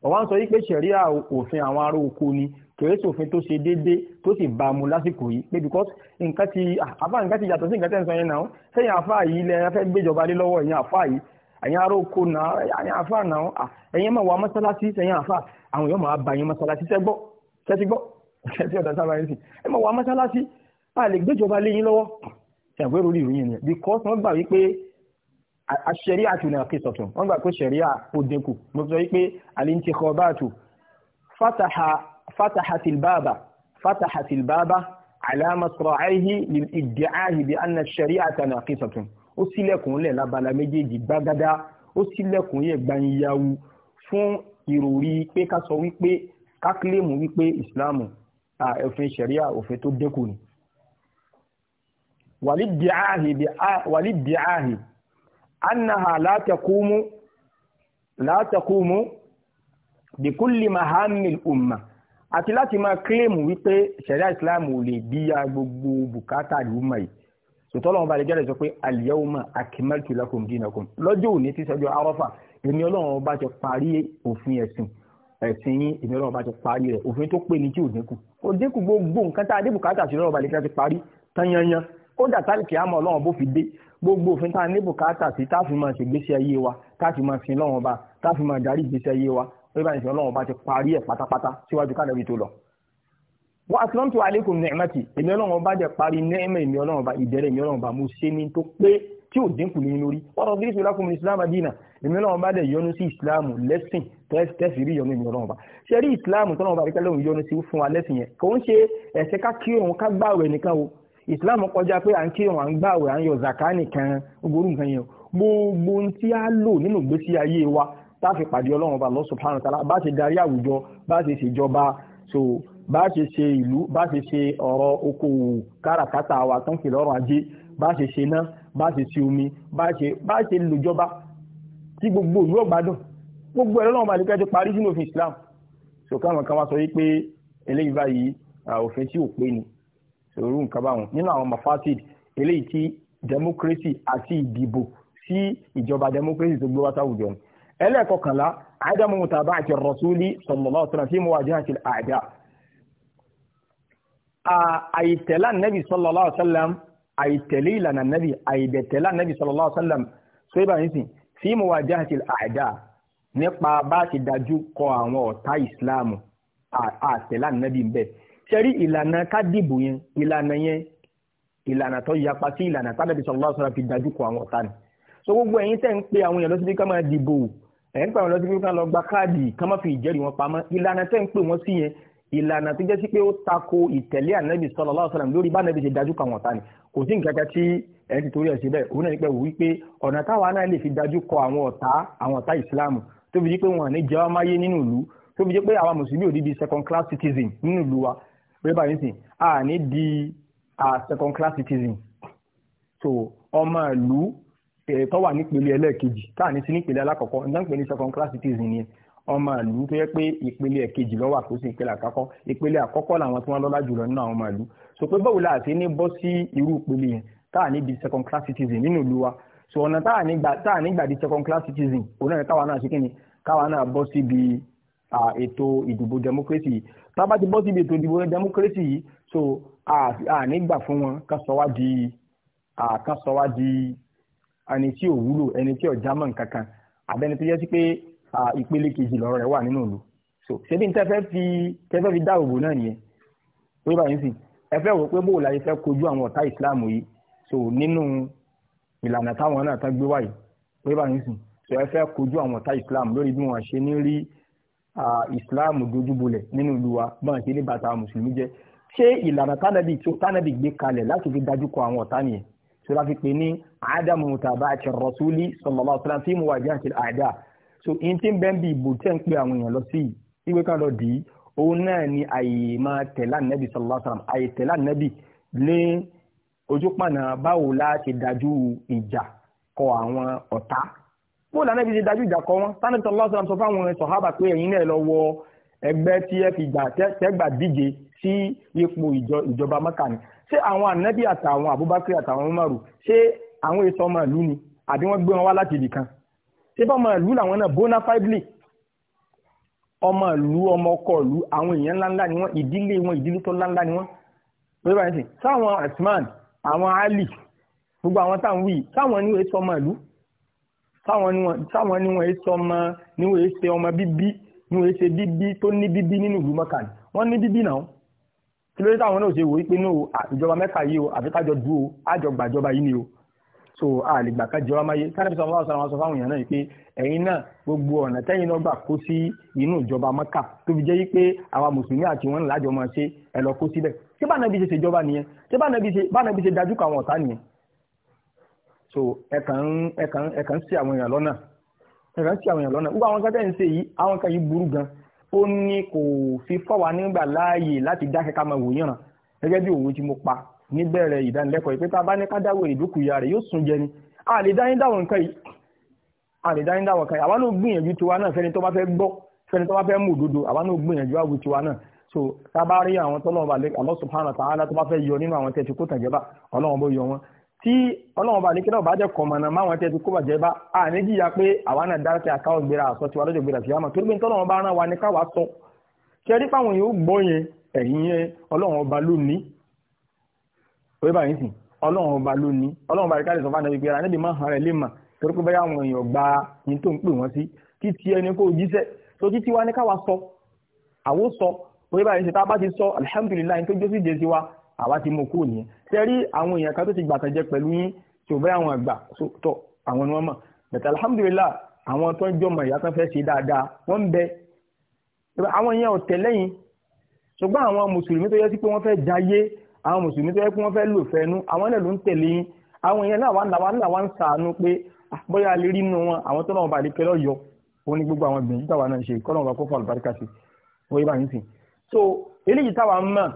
ọ̀wá ń sọ yí pé ṣẹ̀ríà òfin àwọn ará oko ni kèrè sòfin tó ṣe déédéé tó sì bá mu lásìkò yìí pé because nǹkan ti àfa nǹkan ti yàtọ̀ sí nǹkan tẹ̀ ń sọ yẹn náà sẹ́yìn àfa yìí lẹ fẹ́ gbéjọba lé lọ́wọ́ ẹ̀yìn àfa yìí ẹ̀yìn ará oko náà ẹ̀yìn àfa náà ẹ̀yìn máa wà mọ́sálásí sẹ́yìn àfa àwọn èèyàn máa bá yín mọ́sálásí sẹ́gbọ́ sẹ́tígbọ́ sẹ́tí ọ̀dà sábà yín sì ẹ̀ máa wà mọ́sálásí a lè gbéjọba lé yín lọ́wọ́ ẹ̀gbẹ́rún ìròyìn yẹn because wọ́n gbà wípé àṣẹríà tó náà ké sọ̀tún wọ́n gbà pé ṣẹ̀ríà ó dínkù mo sọ wípé al-intikhabatu fataha fatahatil baba fatahatil baba ala masra'ihi lil iddi'ahi bi anna ash-shari'ata naqisatun ó sílẹ̀kùn lẹ̀ lábala méjèèjì gbágádá ó sílẹ̀kùn yẹ gbanyawu fún ìròrí pé ká sọ wípé ká kílèmù wípé ìsìláàmù òfin ṣẹ̀ríà òfin tó dínkù ni wàlídìí ààhì أنها لا تقوم لا تقوم بكل مهام الأمة àti láti máa kílèmù wípé ṣẹ̀dá islam ò lè bíya gbogbo bùkátà ìlúmọ̀ yìí sòtọ́ lọ́wọ́ balẹ̀ jẹ́rẹ̀ sọ pé al-yawma akmaltu lakum dinakum lọ́jọ́ òní ti sọ́jọ́ arọ́fà èmi ọlọ́run ọba ti parí òfin ẹ̀sìn ẹ̀sìn yín èmi ọlọ́run ọba ti parí rẹ̀ òfin tó pé ní tí ò dínkù gbogbo nǹkan tá a dé bùkátà sí lọ́wọ́ ti parí tanyanyan kódà tálíkì àmọ́ ọlọ́run bó fi dé gbogbo òfin tá a ní bùkátà sí tá a fi máa ṣègbésí ayé wa tá a fi máa sin lọ́wọ́n ba tá a fi máa darí ìgbésí ayé wa wọ́n bá ní sin lọ́wọ́n ba ti parí ẹ̀ pátápátá síwájú ká nàbí tó lọ. wa aslamtu alaykum ni'mati èmi ọlọ́wọ́n bá jẹ́ parí nẹ́ẹ̀mẹ́ èmi ọlọ́wọ́n ba ìdẹ́rẹ́ èmi ọlọ́wọ́n ba mo ṣe ní tó pé tí ò dínkù ní lórí wa raditu lakum al-islam dinan èmi ọlọ́wọ́n bá dẹ̀ yọ́nú sí islam lẹ́sìn tẹ́sí rí yọ́nú èmi ọlọ́wọ́n ba ṣe rí islam islam kọjá pé à ń kírun à ń gbàwẹ̀ à ń yọ zaka nìkan gbogbo nǹkan yẹn gbogbo ohun tí a lò nínú ìgbésí ayé wa tá a fi pàdé ọlọ́run ọba Allah subhanahu wa ta'ala bá ṣe darí àwùjọ bá ṣe ṣèjọba so bá ṣe ṣe ìlú bá ṣe ṣe ọ̀rọ̀ okòwò káràkátà wa tó ń pè lọ́rọ̀ ajé bá ṣe ṣe náà bá ṣe ṣe omi bá ṣe bá ṣe lòjọba tí gbogbo ìlú ọ̀gbádùn gbogbo ẹ̀rọ náà màlúkẹ́ ti parí sínú òfin islam so káwọn kan wá sọ wípé eléyìí báyìí òfin tí ò pé ni sòrò nǹkan báwọn nínú àwọn mafatid eléyìí tí democracy àti ìdìbò sí ìjọba democracy tó gbé wá sáwùjọ ni ẹlẹ́ẹ̀kọkànlá ádámù mùtàbá àti rọ̀súlì sallallahu alaihi wasallam fi muwajahati al-a'da àìtẹ̀lá nẹ́bì sallallahu alaihi wasallam àìtẹ̀lé ìlànà nẹ́bì àìdẹ̀tẹ̀lá nẹ́bì sallallahu alaihi wasallam tó ibà nísìn fi muwajahati al-a'da nípa bá ti dájú kọ àwọn ọ̀tá ìsìláàmù àtẹ̀lá nẹ́bì bẹ́ẹ̀ ṣẹ́rí ìlànà kádìbò yẹn ìlànà yẹn ìlànà tó yapa sí ìlànà tánàbí sallallahu alaihi wasallam fi dájú kọ àwọn ọ̀tá ni so gbogbo ẹ̀yin tẹ́ ń pe àwọn èèyàn lọ́sibí ká máa dìbò ẹ̀yin pé àwọn lọ́sibí ká lọ gba káàdì ká má fi ìjẹ́rìí wọn pamọ́ ìlànà tẹ́ ń pè wọ́n sí yẹn ìlànà tó jẹ́ sí pé ó tako ìtẹ̀lé ànábì sallallahu alaihi wasallam lórí bá ànábì ṣe dájú kọ àwọn ọ̀tá ni kò sí nǹkan kan tí ẹ̀ ti torí ẹ̀ sí bẹ́ẹ̀ òun náà ní pẹ́ wípé ọ̀nà táwa náà lè fi dájú kọ pé báyìí sìn a ní di a second class citizen so ọmọ ìlú tó wà nípele ẹlẹ́ẹ̀kejì tá à ní sí nípele alákọ̀ọ́kọ́ ní pé ní second class citizen ni ọmọ ìlú tó yẹ pé ìpele ẹ̀kejì ló wà tó sì ìpele àkọ́kọ́ ìpele àkọ́kọ́ làwọn tí wọ́n lọ́lá jùlọ nínú àwọn ọmọ ìlú so pé báwo la ṣe ní bọ́ sí irú ìpele yẹn tá à ní di second class citizen nínú ìlú wa so ọ̀nà tá à ní gbà di second class citizen òun náà káwa náà ṣe kí ni káwa náà bọ́ síbi ètò ìdìbò democracy tábà ti bọ́ síbi ètò ìdìbò democracy yìí so àní gbà fún wọn kán sọ wá di kán sọ wá di ẹni tí ò wúlò ẹni tí ò jámọ̀ nǹkankan àbẹ́ni tó yẹ sí pé ìpele kejì lọ́rọ̀ rẹ̀ wà nínú ìlú so ṣebí ní tẹ́fẹ́ fi tẹ́fẹ́ fi dáàbò bò náà nìyẹn wíwá báyìí sì ẹ fẹ́ wò pé bó o láyé fẹ́ kojú àwọn ọ̀tá ìsìláàmù yìí so nínú ìlànà táwọn náà tán gbé wáyé wíwá báyìí sì so ẹ fẹ́ kojú àwọn ọ̀tá ìsìláàmù lórí bí wọ́n ṣe ní rí islam dojúbolẹ̀ nínú ìlú wa báwọn ṣe ní bàtà mùsùlùmí jẹ́ ṣé ìlànà tánàbì tó tánàbì gbé kalẹ̀ láti fi dájú kọ àwọn ọ̀tá nìyẹn tó láti pè ní ádámù mutaba'ati rasuli sallallahu alaihi wasallam fi muwajahati al-a'da so in ti bẹ́ẹ̀ bí ìbò tẹ́ ń pe àwọn èèyàn lọ sí ìwé kan lọ dì í òun náà ni àyè máa tẹ̀lá nẹ́bì sallallahu alaihi àyè tẹ̀lá nẹ́bì ní ojú pàna báwo láti dájú ìjà kọ àwọn ọ̀tá bóòlù ànábi ṣe dájú ìjà kọ wọn sanni sọlá sọlá sọ fáwọn sọhábà pé ẹ̀yin náà lọ wọ ẹgbẹ́ tí ẹ fi gbà tẹgbà díje sí ipò ìjọba mẹ́kà ni ṣé àwọn ànábi àtàwọn Abubakar àtàwọn Umaru ṣé àwọn èso ọmọ ìlú ni àbí wọ́n gbé wọn wá láti ibì kan ṣé bá ọmọ ìlú làwọn náà bona fide ọmọ ìlú ọmọ ọkọ ìlú àwọn èèyàn ńláńlá ni wọ́n ìdílé wọn ìdílé tó ńláńlá ni wọ́n lórí báyìí sáwọn Usman àwọn Ali gbogbo àwọn táwọn wí sáwọn ní èso ọmọ ìlú táwọn níwọ̀n èso ọmọ níwọ̀n èso ọmọ bíbí níwọ̀n èso bíbí tó ní bíbí nínú ìlú mọ́kà ni wọ́n ní bíbí náà kí ló dé táwọn náà ṣe wò wípé náà ìjọba mẹ́ta yìí o àfi kájọ dúró àjọ gbàjọba yìí ni o so a lè gbà kájọ amáyé káàdì sọ fáwọn sọ fáwọn èèyàn náà yìí pé ẹ̀yin náà gbogbo ọ̀nà tẹ́yìn náà gbà kó sí inú ìjọba mọ́kà tó fi jẹ́ wípé àwa mùsùlùmí àti wọn làjọ máa ṣe ẹ̀ lọ kó síbẹ̀ tí bá nàbí ṣe ṣèjọba nìyẹn tí bá nàbí ṣe dájú kọ ọ̀tá nìyẹn so ẹ̀kàn ẹ̀kàn ẹ̀kàn sí àwọn èèyàn lọ́nà ẹ̀kàn sí àwọn èèyàn lọ́nà wúwo àwọn kan tẹ̀ ń ṣe yìí àwọn kan yìí burú gan ó ní kò fi fọ́ nígbà láàyè láti dákẹ́ ká máa wò yànnà gẹ́gẹ́ bí òwe tí mo pa níbẹ̀rẹ̀ ìdánilẹ́kọ̀ọ́ pé bá ní ká dáwọ́ rẹ̀ yóò sún jẹ ni a lè dá yín dáwọ̀ nǹkan yìí a lè dá yín dáwọ̀ nǹkan yìí àwa náà gbìyànjú tiwa náà fẹ́ni tó bá fẹ́ gbọ́ fẹ́ni tó bá fẹ́ mú òdodo àwa náà so tá a bá rí àwọn tọ́lọ́wọ́n bá lé Allah subhanahu ta'ala tó bá fẹ́ yọ nínú àwọn tẹ̀sí kó tàn jẹ́ bá ọlọ́wọ́n bó yọ wọn tí ọlọ́run bá ní kí náà bá jẹ́ kọ̀mọ̀nà máwọn tẹ́tí kó bàjẹ́ bá a ní jìyà pé àwa náà dáríkẹ́ àkáwọ̀ gbéra àsọ tiwa lọ́jọ́ gbéra fìyàmọ̀ torí pé tọ́lọ́run bá rán wa ní káwa sọ ṣe rí fáwọn yóò gbọ́ yẹn ẹ̀yìn yẹn ọlọ́run ọba ló ní orí báyìí sìn ọlọ́run ọba ló ní ọlọ́run bá rí káàdì sọ fún àdàbí gbéra níbi máa hàn rẹ̀ lè a bá ti sọ alihamudulilayi tó jó sí jẹ́ àwa ti mú kúrò nìyẹn tẹ́rí àwọn èèyàn kan tó ti gbàtàn jẹ pẹ̀lú yín tí ò bẹ́ àwọn àgbà tó àwọn ni wọ́n mọ̀ bẹ̀tẹ̀ alhamdulillah àwọn tó ń jọmọ ìyá tán fẹ́ ṣe dáadáa wọ́n ń bẹ àwọn èèyàn ò tẹ̀lé yín ṣùgbọ́n àwọn mùsùlùmí tó yẹ sí pé wọ́n fẹ́ jayé àwọn mùsùlùmí tó yẹ pé wọ́n fẹ́ lò fẹ́nu àwọn náà ló ń tẹ̀lé yín àwọn èèyàn náà wà láwa náà wà ń sàánú pé ah, bóyá lè rí inú wọn àwọn tó náà bá lè kẹ́ lọ́yọ̀ òun ni gbogbo àwọn ìgbìyànjú táwa náà ṣe kọ́ náà wà kó fún àlùbáríkà sí wọ́n yé bá yín sìn so eléyìí táwa ń mọ̀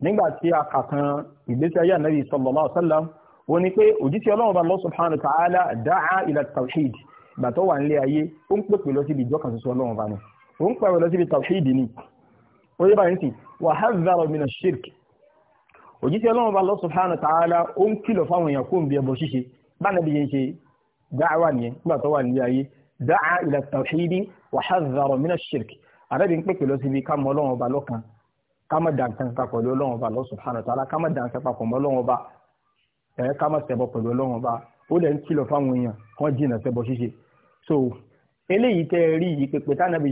nígbà tí a kà kan ìgbésí ayé ànábì sallallahu alaihi wasallam ó ní pé òjíṣẹ́ ọlọ́run bá Allah subhanahu wa ta'ala da'a ila tawhid ìgbà tó wà nílé ayé ó ń pèpè lọ síbi ìjọkan ṣoṣo ọlọ́run bá ní ó ń pèpè lọ síbi tawhid ni ó yẹ báyìí sìn wa hadhara min ash-shirk òjíṣẹ́ ọlọ́run bá Allah subhanahu wa ta'ala ó ń kìlọ̀ fáwọn èèyàn kó ń bí ká má dà nǹkan papọ̀ pẹ̀lú ọlọ́run ọba Allah subhanahu wa ta'ala ká má dà nǹkan papọ̀ mọ́ ọlọ́run ọba ẹ̀ ká má ṣẹbọ pẹ̀lú ọlọ́run ọba ó lẹ́ ń kìlọ̀ fáwọn èèyàn kán jìnnà ṣẹbọ ṣíṣe so eléyìí tẹ́ rí yìí pépé tánàbí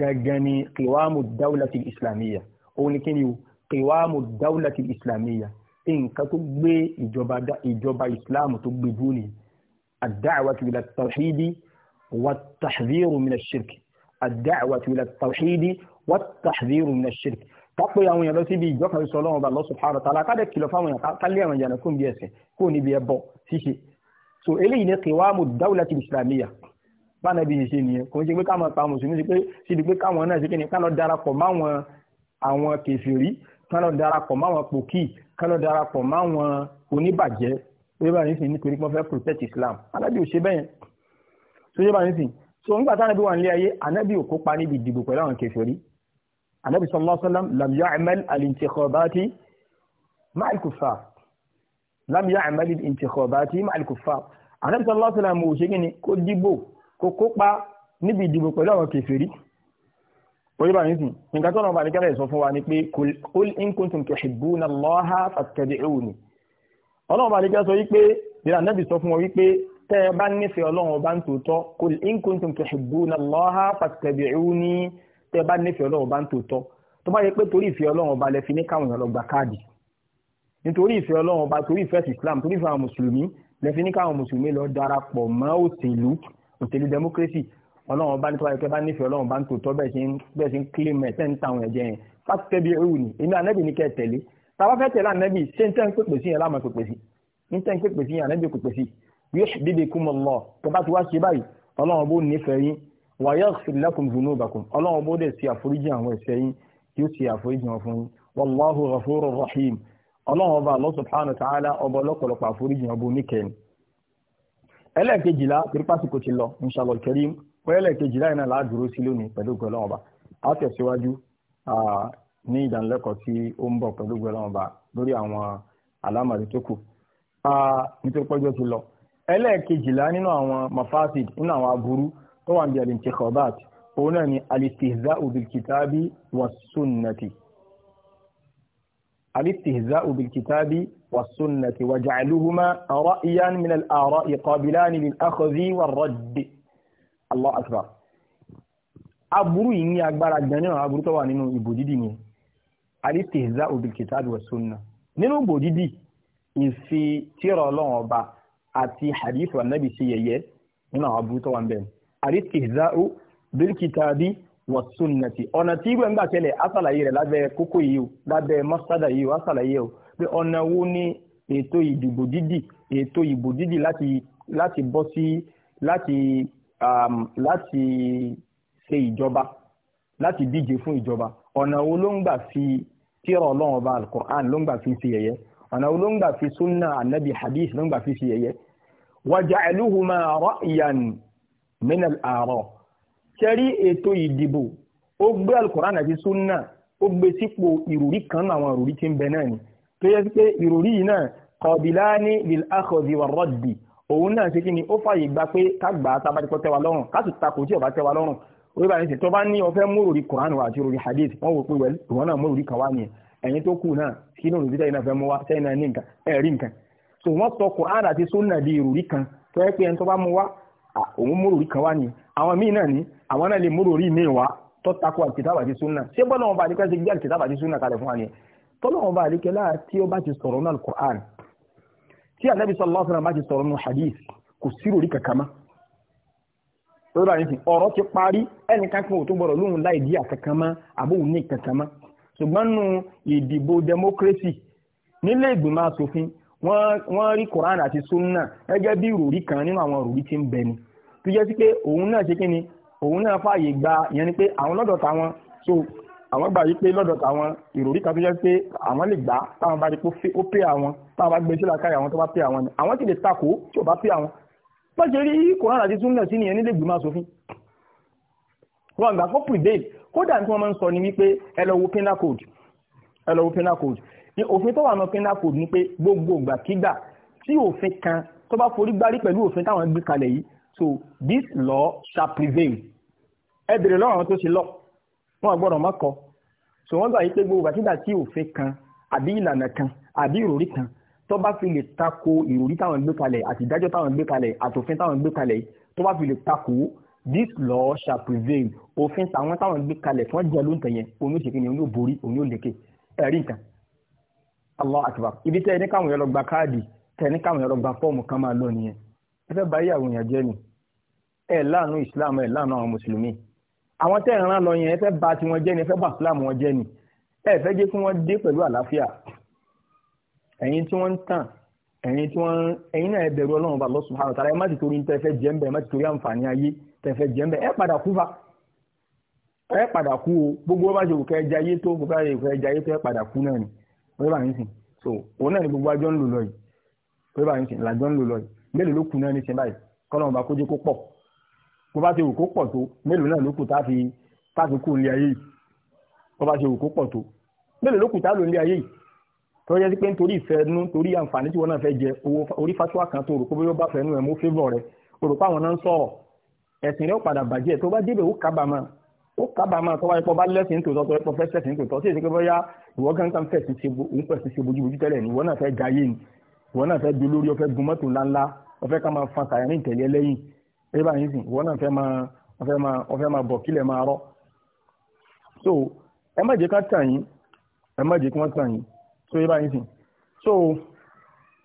gangan ni kìwáàmù dáwùlàtì ìsìlámìyà òun ni o kìwáàmù dáwùlàtì ìsìlámìyà nǹkan tó gbé ìjọba ìjọba ìsìlámù tó gbé dúró nìyí الدعوة إلى التوحيد والتحذير من الشرك الدعوة إلى التوحيد والتحذير من الشرك kápẹ́ àwọn èèyàn lọ síbi ìjọkàn sọ ọlọ́run ọba Allah subhanahu wa ta'ala kádẹ́ kìlọ̀ fáwọn èèyàn kálẹ̀ àwọn èèyàn kún bí ẹsẹ̀ kó níbi ẹbọ ṣíṣe so eléyìí ní qiwamu dawlati islamiyya báńdà bí ṣe nìyẹn kò ń ṣe pé káwọn pa mùsùlùmí sí pé síbi pé káwọn náà ṣe kí ni ká lọ darapọ̀ máwọn àwọn kèfèrí ká lọ darapọ̀ máwọn pòkì ká lọ darapọ̀ máwọn oníbàjẹ́ wíwá nísìn nítorí pé wọ́n fẹ́ protect Islam alábì ò ṣe anabi sallallahu alayhi wa sallam lam ya'mal al-intikhabati ma'al kuffar lam ya'mal al-intikhabati ma'al kuffar anabi sallallahu alayhi wa sallam ò ṣe kíni kó dìbò kó kópa níbi ìdìbò pẹ̀lú àwọn kèfèrí orí bá nísìn nǹkan tó náà bá nígbàdà ìsọ fún wa ni pé qul in kuntum tuhibbuna Allaha fattabi'uni ọlọ́run bá nígbà sọ wípé ìrìn ànábì sọ fún wọn wípé tẹ́ ẹ bá nífẹ̀ẹ́ ọlọ́run ọba ń tòótọ́ qul in kuntum tuhibbuna Allaha fattabi'uni tẹ́ bá nífẹ̀ẹ́ ọlọ́run bá ń tòótọ́ tó bá yẹ pé torí ìfẹ́ ọlọ́run ọba lẹ fi ní káwọn èèyàn lọ gba káàdì nítorí ìfẹ́ ọlọ́run ọba torí ìfẹ́ islam torí ìfẹ́ àwọn mùsùlùmí lẹ fi ní káwọn mùsùlùmí lọ darapọ̀ mọ́ òṣèlú òṣèlú democracy ọlọ́run ọba nípa ìfẹ́ bá nífẹ̀ẹ́ ọlọ́run bá ń tòótọ́ bẹ́ẹ̀ ṣe ń claim ẹ̀ tẹ́ ń tàwọn ẹ̀jẹ̀ yẹn fásitẹ́ bí ewu ni èmi ànẹ́bì ní kẹ́ tẹ̀lé tàbá fẹ́ tẹ̀lé ànẹ́bì ṣé ń tẹ́ ń pèpè sí yẹn láàmú pèpè sí ń tẹ́ ń pèpè sí yẹn ànẹ́bì pèpè sí yóò ṣèdíde kúmọ̀ lọ tó bá ti wá ṣe báyìí ọlọ́run bó nífẹ̀ẹ́ yín wa yaghfir lakum dhunubakum ọlọ́run bó dẹ̀ ṣe àforíjì àwọn ẹ̀ṣẹ̀ yín kí ó ṣe àforíjì wọn fún yín wallahu ghafurur rahim ọlọ́run ọba Allah subhanahu wa ta'ala ọba ọlọ́pọ̀lọpọ̀ àforíjì ọba oníkẹyìn ẹlẹ́ẹ̀kejìlá pírípàsìkò ti lọ inshallah karim pé ẹlẹ́ẹ̀kejìlá iná láàdúró sí lónìí pẹ̀lú gbọ́lọ́run á tẹ̀síwájú tó wà ní al-intikhabat òun náà ni al-istihza'u bil-kitabi was-sunnati al-istihza'u bil-kitabi was-sunnati waja'aluhuma ra'yan min al-ara'i qabilan lil-akhdhi war-radd Allahu akbar aburú yìí ní agbára gan nínú aburú tó wà nínú ìbò dídì ni al-istihza'u bil-kitabi was-sunnah nínú ìbò dídì ìfi tírà Ọlọ́run ọba àti hadith wa nabi sí yẹ̀yẹ́ nínú àwọn aburú tó wà ń bẹ̀rẹ̀ àríkìzáú bílkìtàbí wàsúnnàtì ọ̀nà tí ìwé ń gbà tẹ́lẹ̀ àṣàlàyé rẹ̀ lábẹ́ kókó yìí o lábẹ́ mọ́sádà yìí o àṣàlàyé o pé ọ̀nà wo ni ètò ìdìbò dídì ètò ìbò dídì láti láti bọ́ sí láti um, láti ṣe ìjọba láti díje fún ìjọba ọ̀nà wo ló ń gbà fi tírà ọlọ́run ọba alukur'an ló ń gbà fi ṣe yẹ̀yẹ́ ọ̀nà wo ló ń gbà fi sunna anabi hadith ló ń gbà fi ṣe yẹ̀yẹ́ wàjà ra'yan minal àárọ̀ ṣẹ́rí ètò ìdìbò ó gbé alukoran àti sunna ó gbé sípò ìròrí kan náà àwọn ìròrí tí ń bẹ náà ni tó yẹ pé ìròrí yìí náà qabilani lil akhdi wa raddi òun náà ṣe kí ni ó fààyè gba pé ká gbà á tábàtí kọ́ tẹ́wa lọ́rùn ká sì takò tí ó bá tẹ́wa lọ́rùn orí bá ní sè tó bá ní ó fẹ́ koran wa àti ìròrí hadith wọ́n wò pé wẹ́l ìwọ náà mú ìròrí kan wá nìyẹn ẹ̀yin tó kù náà kí ní olùdíje yìí náà mú wá sẹ́yìn náà ní nǹkan ẹ̀rí nǹkan so wọ́n sọ koran àti sunna di ìròrí kan tó yẹ pé ẹni tó bá mú wá òun múrò orí kan wá ni àwọn míì náà ni àwọn náà lè múrò orí míì wá tó tako àkìtàbà àti súnà ṣé bọ́lá wọn bá àdékẹ́ ṣe gbé àkìtàbà àti súnà kalẹ̀ fún wa ni tọ́lá wọn bá àdékẹ́ láà tí ó bá ti sọ̀rọ̀ nínú alukur'an tí ànábì sallallahu alaihi wasallam bá ti sọ̀rọ̀ nínú hadith kò sí orí kankan mọ́ lọ́dọ̀ àyẹ̀sìn ọ̀rọ̀ ti parí ẹnìkan kan ò tó gbọ́dọ̀ lóhun láì dí àkankan mọ́ àbóhun ní kankan mọ́ ṣùgbọ́n nù ìdìbò democracy nílé ìgbìmọ̀ asòfin wọ́n rí Quran àti sunna gẹ́gẹ́ bí ròrí kan nínú àwọn ròrí tí ń bẹ ni tó jẹ́ sí pé òun náà ṣe kí ni òun náà fààyè gba ìyẹn ni pé àwọn lọ́dọ̀ táwọn so àwọn gbà yí pé lọ́dọ̀ táwọn ìròrí kan tó jẹ́ pé àwọn lè gbà táwọn bá rí pé ó pé àwọn táwọn bá gbé sílá káyà àwọn tó bá pé àwọn ni àwọn ti lè takò tí ò bá pé àwọn wọ́n ṣe rí Quran àti sunna sí nìyẹn nílé ìgbìmọ̀ asòfin wọn gbà kó prevail kódà tí wọ́n máa ń sọ ni wípé ẹ lọ wo ní òfin tó wà ní penal code ni pé gbogbo ìgbàkígbà tí òfin kan tó bá forí gbárí pẹ̀lú òfin táwọn gbé kalẹ̀ yìí so this law shall prevail ẹ bèrè lọ́rọ̀ àwọn tó ṣe lọ wọn gbọ́dọ̀ má kọ so wọ́n gbà yí pé gbogbo ìgbàkígbà tí òfin kan àbí ìlànà kan àbí ìròrí kan tó bá fi lè tako ìròrí táwọn gbé kalẹ̀ àti ìdájọ́ táwọn gbé kalẹ̀ àtòfin táwọn gbé kalẹ̀ tó bá fi lè tako this law shall prevail òfin tàwọn táwọn gbé kalẹ̀ tí wọ́n jẹ́ lóńtẹ̀ yẹn òun yóò ṣe kí ni òun yóò borí òun yóò lékè ẹ̀rí nǹkan allah akbar ibi tẹ́ ẹ ní káwọn yẹn lọ gba káàdì tẹ́ ẹ ní káwọn yẹn lọ gba fọ́ọ̀mù kan máa lọ nìyẹn ẹ fẹ́ báyìí àwọn èèyàn jẹ́ ni ẹ láàánú islam ẹ láàánú àwọn mùsùlùmí àwọn tẹ́ ẹ rán lọ yẹn ẹ fẹ́ bà tiwọn jẹ́ ni ẹ fẹ́ bà islam wọn jẹ́ ni ẹ fẹ́ jẹ́ kí wọ́n dé pẹ̀lú àlàáfíà ẹ̀yin tí wọ́n ń tàn ẹ̀yin tí wọ́n ẹ̀yin náà ẹ bẹ̀rù ọlọ́run bá Allah subhanahu wa ẹ má ti torí ń tẹ́fẹ́ jẹ́ ń ẹ má ti torí àǹfààní ayé tẹ́fẹ́ jẹ́ ń ẹ padà kú fa ẹ padà kú o gbogbo bá ṣe òkè ẹja ayé tó gbogbo bá ṣe òkè ẹja ayé tó ẹ padà kú náà ni pé bá yín sìn so òun náà ni gbogbo àjọ ń lò lọ yìí pé bá yín sìn làjọ ń lò lọ yìí mélòó ló kù náà ní sin báyìí kọ́nà ọba kó jẹ́ kó pọ̀ bó bá ti wù kó pọ̀ tó mélòó náà ló kù tá fi tá fi kú ilé ayé yìí bó bá ti wù kó pọ̀ tó mélòó ló kù tá lò ilé ayé yìí tó yẹ pé nítorí ìfẹ́ nú torí àǹfààní tí wọ́n náà fẹ́ jẹ owó orí fatuwa kan tó rò pé bóyá bá fẹ́ nú ẹ̀ mú favour rẹ̀ o pé àwọn náà ń sọ̀rọ̀ ẹ̀sìn rẹ̀ ó padà bàjẹ́ tó bá débẹ̀ ó kábàámọ̀ ó kábàámà tó wáyé pọ bá lẹ́sìn tòótọ́ tó pọ fẹsẹ̀ sìn tòótọ́ sí èsì pé bóyá ìwọ kankan fẹsìn ṣe ń fẹsìn ṣe bójúbójú tẹ́lẹ̀ ni ìwọ náà fẹ́ ga yé ni ìwọ náà fẹ́ di olórí ọfẹ́ gun mọ́tò ńláńlá ọfẹ́ ká máa fa sàyẹn ní ìtẹ̀lẹ́ lẹ́yìn ẹ bá yín sìn ìwọ náà fẹ́ máa ọfẹ́ máa ọfẹ́ máa bọ̀ kílẹ̀ máa rọ́ so ẹ má jẹ́ ká tàn yín ẹ má jẹ́ kí wọ́n tàn yín so ẹ bá yín sìn so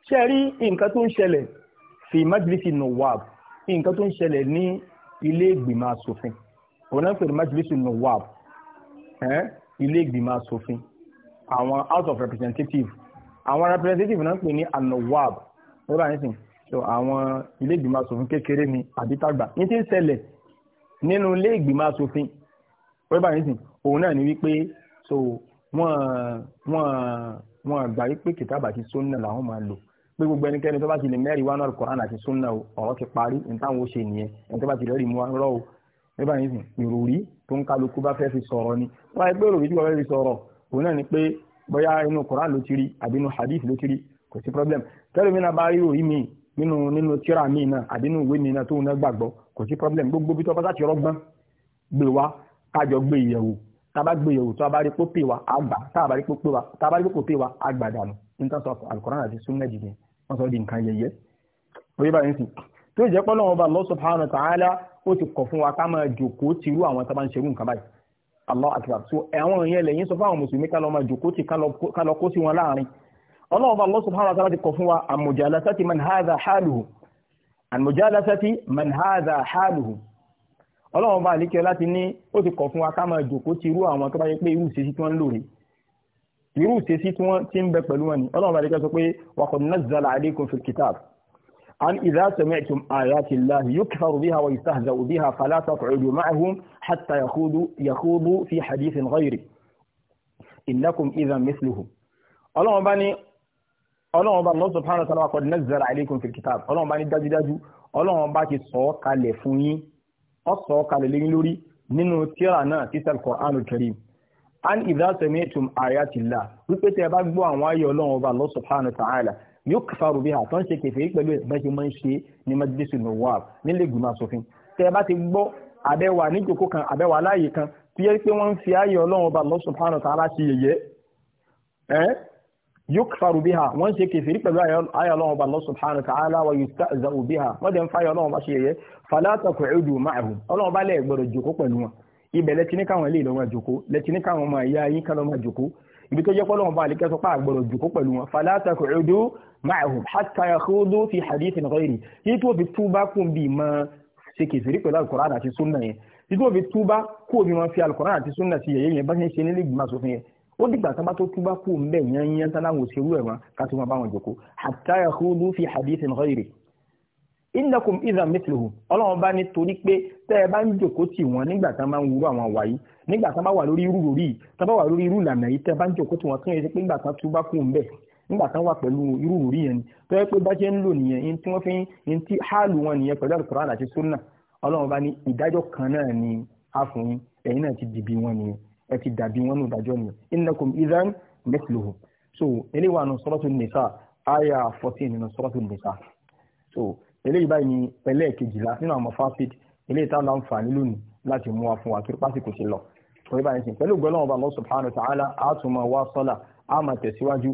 ṣe rí nǹkan tó ń ṣẹlẹ̀ fi majlisi nawab nǹkan tó ń ṣẹlẹ̀ ní ilé ìgbìmọ̀ asòfin òun náà ń pè ní majlis nuwab ilé ìgbìmọ̀ asòfin àwọn house of representatives àwọn representative náà ń pè ní anuwab lọ́ba nísìn so àwọn ilé ìgbìmọ̀ asòfin kékeré ni àbítàgbà ní ti ń ṣẹlẹ̀ nínú ilé ìgbìmọ̀ asòfin lọ́ba nísìn òun náà ni wípé so wọ́n wọ́n wọ́n gbà wípé kìtàbà àti sunna làwọn máa lò pé gbogbo ẹnikẹ́ni tó bá ti lè mẹ́rin wánú Al-Qur'an àti sunna ọ̀rọ̀ ti parí ní táwọn ó ṣe nìyẹn ẹni tó bá ti rẹ́rìí mú wa rọ́ o nígbà yìí sìn ìròrí tó ń kálukú bá fẹ́ fi sọ̀rọ̀ ni wọ́n á gbé ìròrí tí wọ́n fẹ́ fi sọ̀rọ̀ òun náà ni pé bóyá inú Quran ló ti rí àbí inú hadith ló ti rí kò sí problem tẹ́lẹ̀ mi náà bá rí ìròrí mi nínú nínú tíra mi náà àbí inú ìwé mi náà tóun náà gbàgbọ́ kò sí problem gbogbo bí tó bá ti rọ́gbọ́n gbé wa kájọ gbé ìyẹ̀wò tába gbé yòówù tó rí pé pè wá àgbà tába rí pé pè wá àgbà ó ti kọ̀ fún wa ká máa jòkó ti irú àwọn tó bá ń ṣerú nǹkan báyìí allah akbar so àwọn yẹn lẹ́yìn sọ fáwọn mùsùlùmí ká lọ máa jòkó ti ká lọ kó sí wọn láàrin ọlọ́run bá allah subhanahu wa ta'ala ti kọ̀ fún wa an mujalasati man hadha haluhu an mujalasati man hadha haluhu ọlọ́run bá àlékẹ́ láti ní ó ti kọ̀ fún wa ká máa jòkó ti irú àwọn tó bá yẹ pé irú ìṣesí tí wọ́n ń lò rèé irú ìṣesí tí wọ́n ti ń bẹ pẹ̀lú wọn ni ọlọ́run bá àlékẹ́ sọ pé wa qad nazzala alaykum fil kitab أن إذا سمعتم آيات الله يكفر بها ويستهزأ بها فلا تقعدوا معهم حتى يخوضوا, يخوضوا في حديث غيره إنكم إذا مثلهم ọlọ́run bá ní ọlọ́run bá Allah subhanahu wa ta'ala qad nazzala alaykum fil kitab ọlọ́run bá ní dájúdájú ọlọ́run bá ti sọ ọ́ kalẹ̀ fún yín ó sọ ọ́ kalẹ̀ lẹ́yìn lórí nínú tíra náà títà al-Qur'anul Karim an idha sami'tum ayatillah wípé tí ẹ bá gbọ́ àwọn ayé ọlọ́run bá Allah subhanahu wa ta'ala ni ó kàfàrò bí àtọ́ ń ṣe kẹfẹ́ pẹ̀lú ìbẹ́ṣe máa ń ṣe ní májísù nùwàb nílé ìgbìmọ̀ asòfin tẹ́ ẹ bá ti gbọ́ abẹ́wà níjòkó kan abẹ́wà láàyè kan tí yẹ pé wọ́n ń fi ayé ọlọ́run ọba Allah subhanahu wa ta'ala ṣe yóò kàfàrò bí wọ́n ṣe kẹfẹ́ pẹ̀lú ayé ọlọ́run ọba Allah subhanahu wa ta'ala wa yustahza'u biha wọ́n dẹ̀ ń fa ayé ọlọ́run ọba ṣe yẹ̀yẹ́ ibi tó jẹ́ pọ́lọ́wọ́n bá àlíkẹ́ sọ pé àgbọ̀rọ̀ jòkó pẹ̀lú wọn falátakù ẹ̀dọ́ máàhùn hatta yakhudu fi hadith nìkan yìí yìí tó fi túbá kún bí mọ́ ṣe kèsìrí pẹ̀lú alukoran àti sunna yẹn yìí tó fi túbá kó bí mọ́ fi alukoran àti sunna sí yẹ̀yẹ́ yẹn bá ṣe ń ìgbìmọ̀ asòfin yẹn ó dìgbà tán bá tó túbá kó ń yẹn yẹn tán láwọn òṣèlú ẹ̀ innakum idhan mithluhum ọlọ́run bá ní torí pé tẹ́ ẹ bá ń jòkó tì wọ́n nígbà tán bá ń wúrú àwọn wàyí nígbà tán bá wà lórí irú lórí tán bá wà lórí irú ìlànà yìí tẹ́ bá ń jòkó tì wọ́n tún yẹ pé nígbà tán tún bá kú ń bẹ̀ nígbà tán wà pẹ̀lú irú lórí yẹn ni tó pé bá ń lò nìyẹn ní tí wọ́n fi ń tí háàlù wọn nìyẹn pẹ̀lú al àti sunna ọlọ́run bá ní ìdájọ́ kan náà ni a fún yín ẹ̀yin náà ti dìbì wọn nìyẹn ẹ ti so eléwà nù Suratu Nisa fourteen nù Suratu so eléyìí báyìí ni pẹ̀lẹ́ kejìlá nínú àwọn fásit eléyìí táwọn láǹfààní lónìí láti mú wa fún wa torí pásítọ̀ sí lọ. òye báyìí sìn pẹ̀lú gbọ́dọ̀ ọba Allah subhanahu wa ta'ala a tún máa wá sọ́là a máa tẹ̀síwájú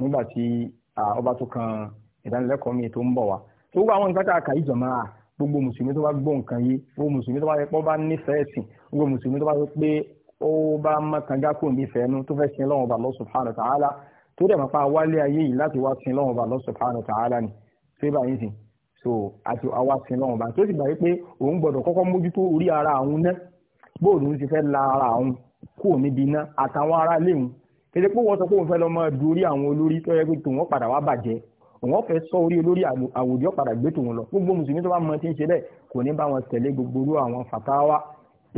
nígbà tí ọba tó kan ìdánilẹ́kọ̀ọ́ mi tó ń bọ̀ wá. tó gbogbo àwọn nǹkan kàkà ìjọba gbogbo mùsùlùmí tó bá gbọ́ nǹkan yìí gbogbo mùsùlùmí tó bá yẹ bá nífẹ̀ẹ́ sìn gbogbo mùsùlùmí tó bá yẹ pé ó bá mọ̀kàngá kò ní ìfẹ́ nu tó fẹ́ sin lọ́wọ́ ọba Allah subhanahu wa ta'ala tó dẹ̀ máa pa wálé ayé yìí láti wá sin lọ́wọ́ ọba Allah subhanahu wa ta'ala ni. tó yẹ báyìí sìn so àti àwa sin náà bá tó sì gbà wípé òun gbọ́dọ̀ kọ́kọ́ mójútó orí ara àwọn náà bóòlù ń ti fẹ́ la ara àwọn kúrò níbi iná àtàwọn ará ilé òun kété pé wọ́n sọ pé òun fẹ́ lọ máa du orí àwọn olórí tó yẹ pé tòun padà wá bàjẹ́ òun fẹ́ sọ orí olórí àwùjọ padà gbé tòun lọ gbogbo mùsùlùmí tó bá mọ ti ń ṣe bẹ́ẹ̀ kò ní bá wọn tẹ̀lé gbogbo orú àwọn fàtáwá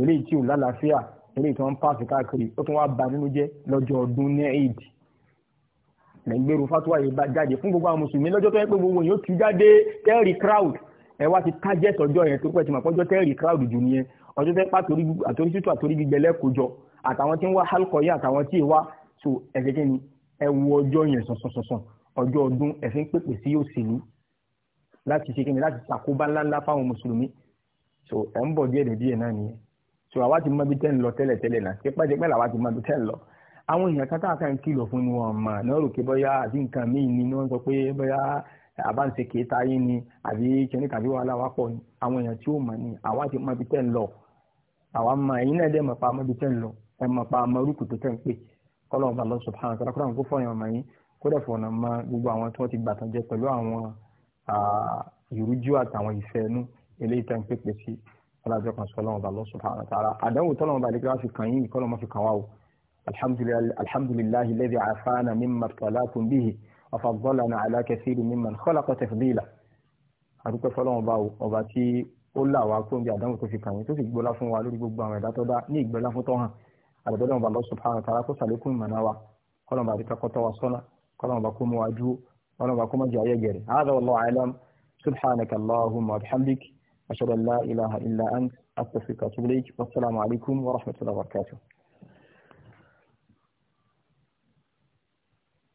eléyìí tí ò lálàáfíà eléyìí tí wọ́n ń pàṣẹ káàkiri ó tún wá ba nínú jẹ́ lọ́jọ́ ọdún ní lẹ́gbẹ̀rún fatuwa yìí bá jáde fún gbogbo àwọn mùsùlùmí lọ́jọ́ tó yẹ pé gbogbo yìí ti jáde tẹ́rì crowd ẹ wá ti target ọjọ́ yẹn tó pẹ́ ti mọ̀ pọ́jọ́ tẹ́rì crowd jù nìyẹn ọjọ́ tẹ́ pa àtòrí tútù àtòrí gbígbẹ lẹ́kọjọ àtàwọn tí ń wá halkọ yìí àtàwọn tí ì wá so ẹ̀jẹ̀ kí ni ẹ wo ọjọ́ yẹn sọ̀sọ̀sọ̀sọ̀ ọjọ́ ọdún ẹ̀fín pèpè sí òṣèlú láti ṣe kí ni láti ṣàkóbá ńláńlá fáwọn mùsùlùmí so ẹ̀ ń bọ̀ díẹ̀ díẹ̀ náà nìyẹn so àwa ti mọ ibi tẹ́ ń lọ tẹ́lẹ̀ tẹ́lẹ̀ náà ṣé pàjẹ́ pẹ́ ti mọ ibi tẹ́ ń lọ àwọn èèyàn kan tá a kàn kìlọ̀ fún ni wọ́n mọ̀ náà rò pé bóyá àbí nǹkan míì ni wọ́n sọ pé bóyá àbáǹṣe kèéta yín ni àbí kìnní tàbí wàhálà wà pọ̀ ni àwọn èèyàn tí ó mọ̀ ni àwa ti mọ ibi tẹ́ ń lọ àwa mọ ẹ̀yin náà dẹ́ mọ̀ pa mọ́ ibi tẹ́ ń lọ ẹ mọ̀ pa mọ́ orúkú tó tẹ́ ń pè kọ́lọ́n ọba lọ́sọ̀ fún àwọn kọ́lọ́n kó fọyín ọmọ yín kó dẹ̀ fọ̀nà mọ gbogbo àwọn tí wọ́n ti gbà tán jẹ pẹ̀lú àwọn ìrújú àtàwọn ìfẹ́ ọba lọ́sọ̀ fún àwọn ọba àdékẹ́wà alhamdulilahi lẹ́dí àfáànà mímọ̀ tọ́lákùn bíi ọ̀fàgbọ́lànà alákẹ́sìrì mímọ̀ kọ́lákọ́ tẹ̀fìlà àdúpẹ́ fọlọ́run ọba ọba tí ó là wá kó ń bí àdánwò tó fi kàn yín tó sì gbọ́lá fún wa lórí gbogbo àwọn ẹ̀dá tó dá ní ìgbọ́lá fún tọ́hàn àdúgbọ́lá ọba lọ́sùn fáwọn tara kó sàlékún ìmọ̀ náà wa kọ́lọ́n ọba àbíkà kọ́tọ́ wa sọ́nà kọ́lọ́n ọba kó mú wa dúró kọ́lọ́n ọba kó má jẹ́ ayé gẹ̀rẹ̀ hādhā wallāhu a'lam subhanaka allahumma wa bihamdik ashhadu an la ilaha illa ant astaghfiruka wa atubu ilayk wassalamu alaykum wa rahmatullahi wa barakatuh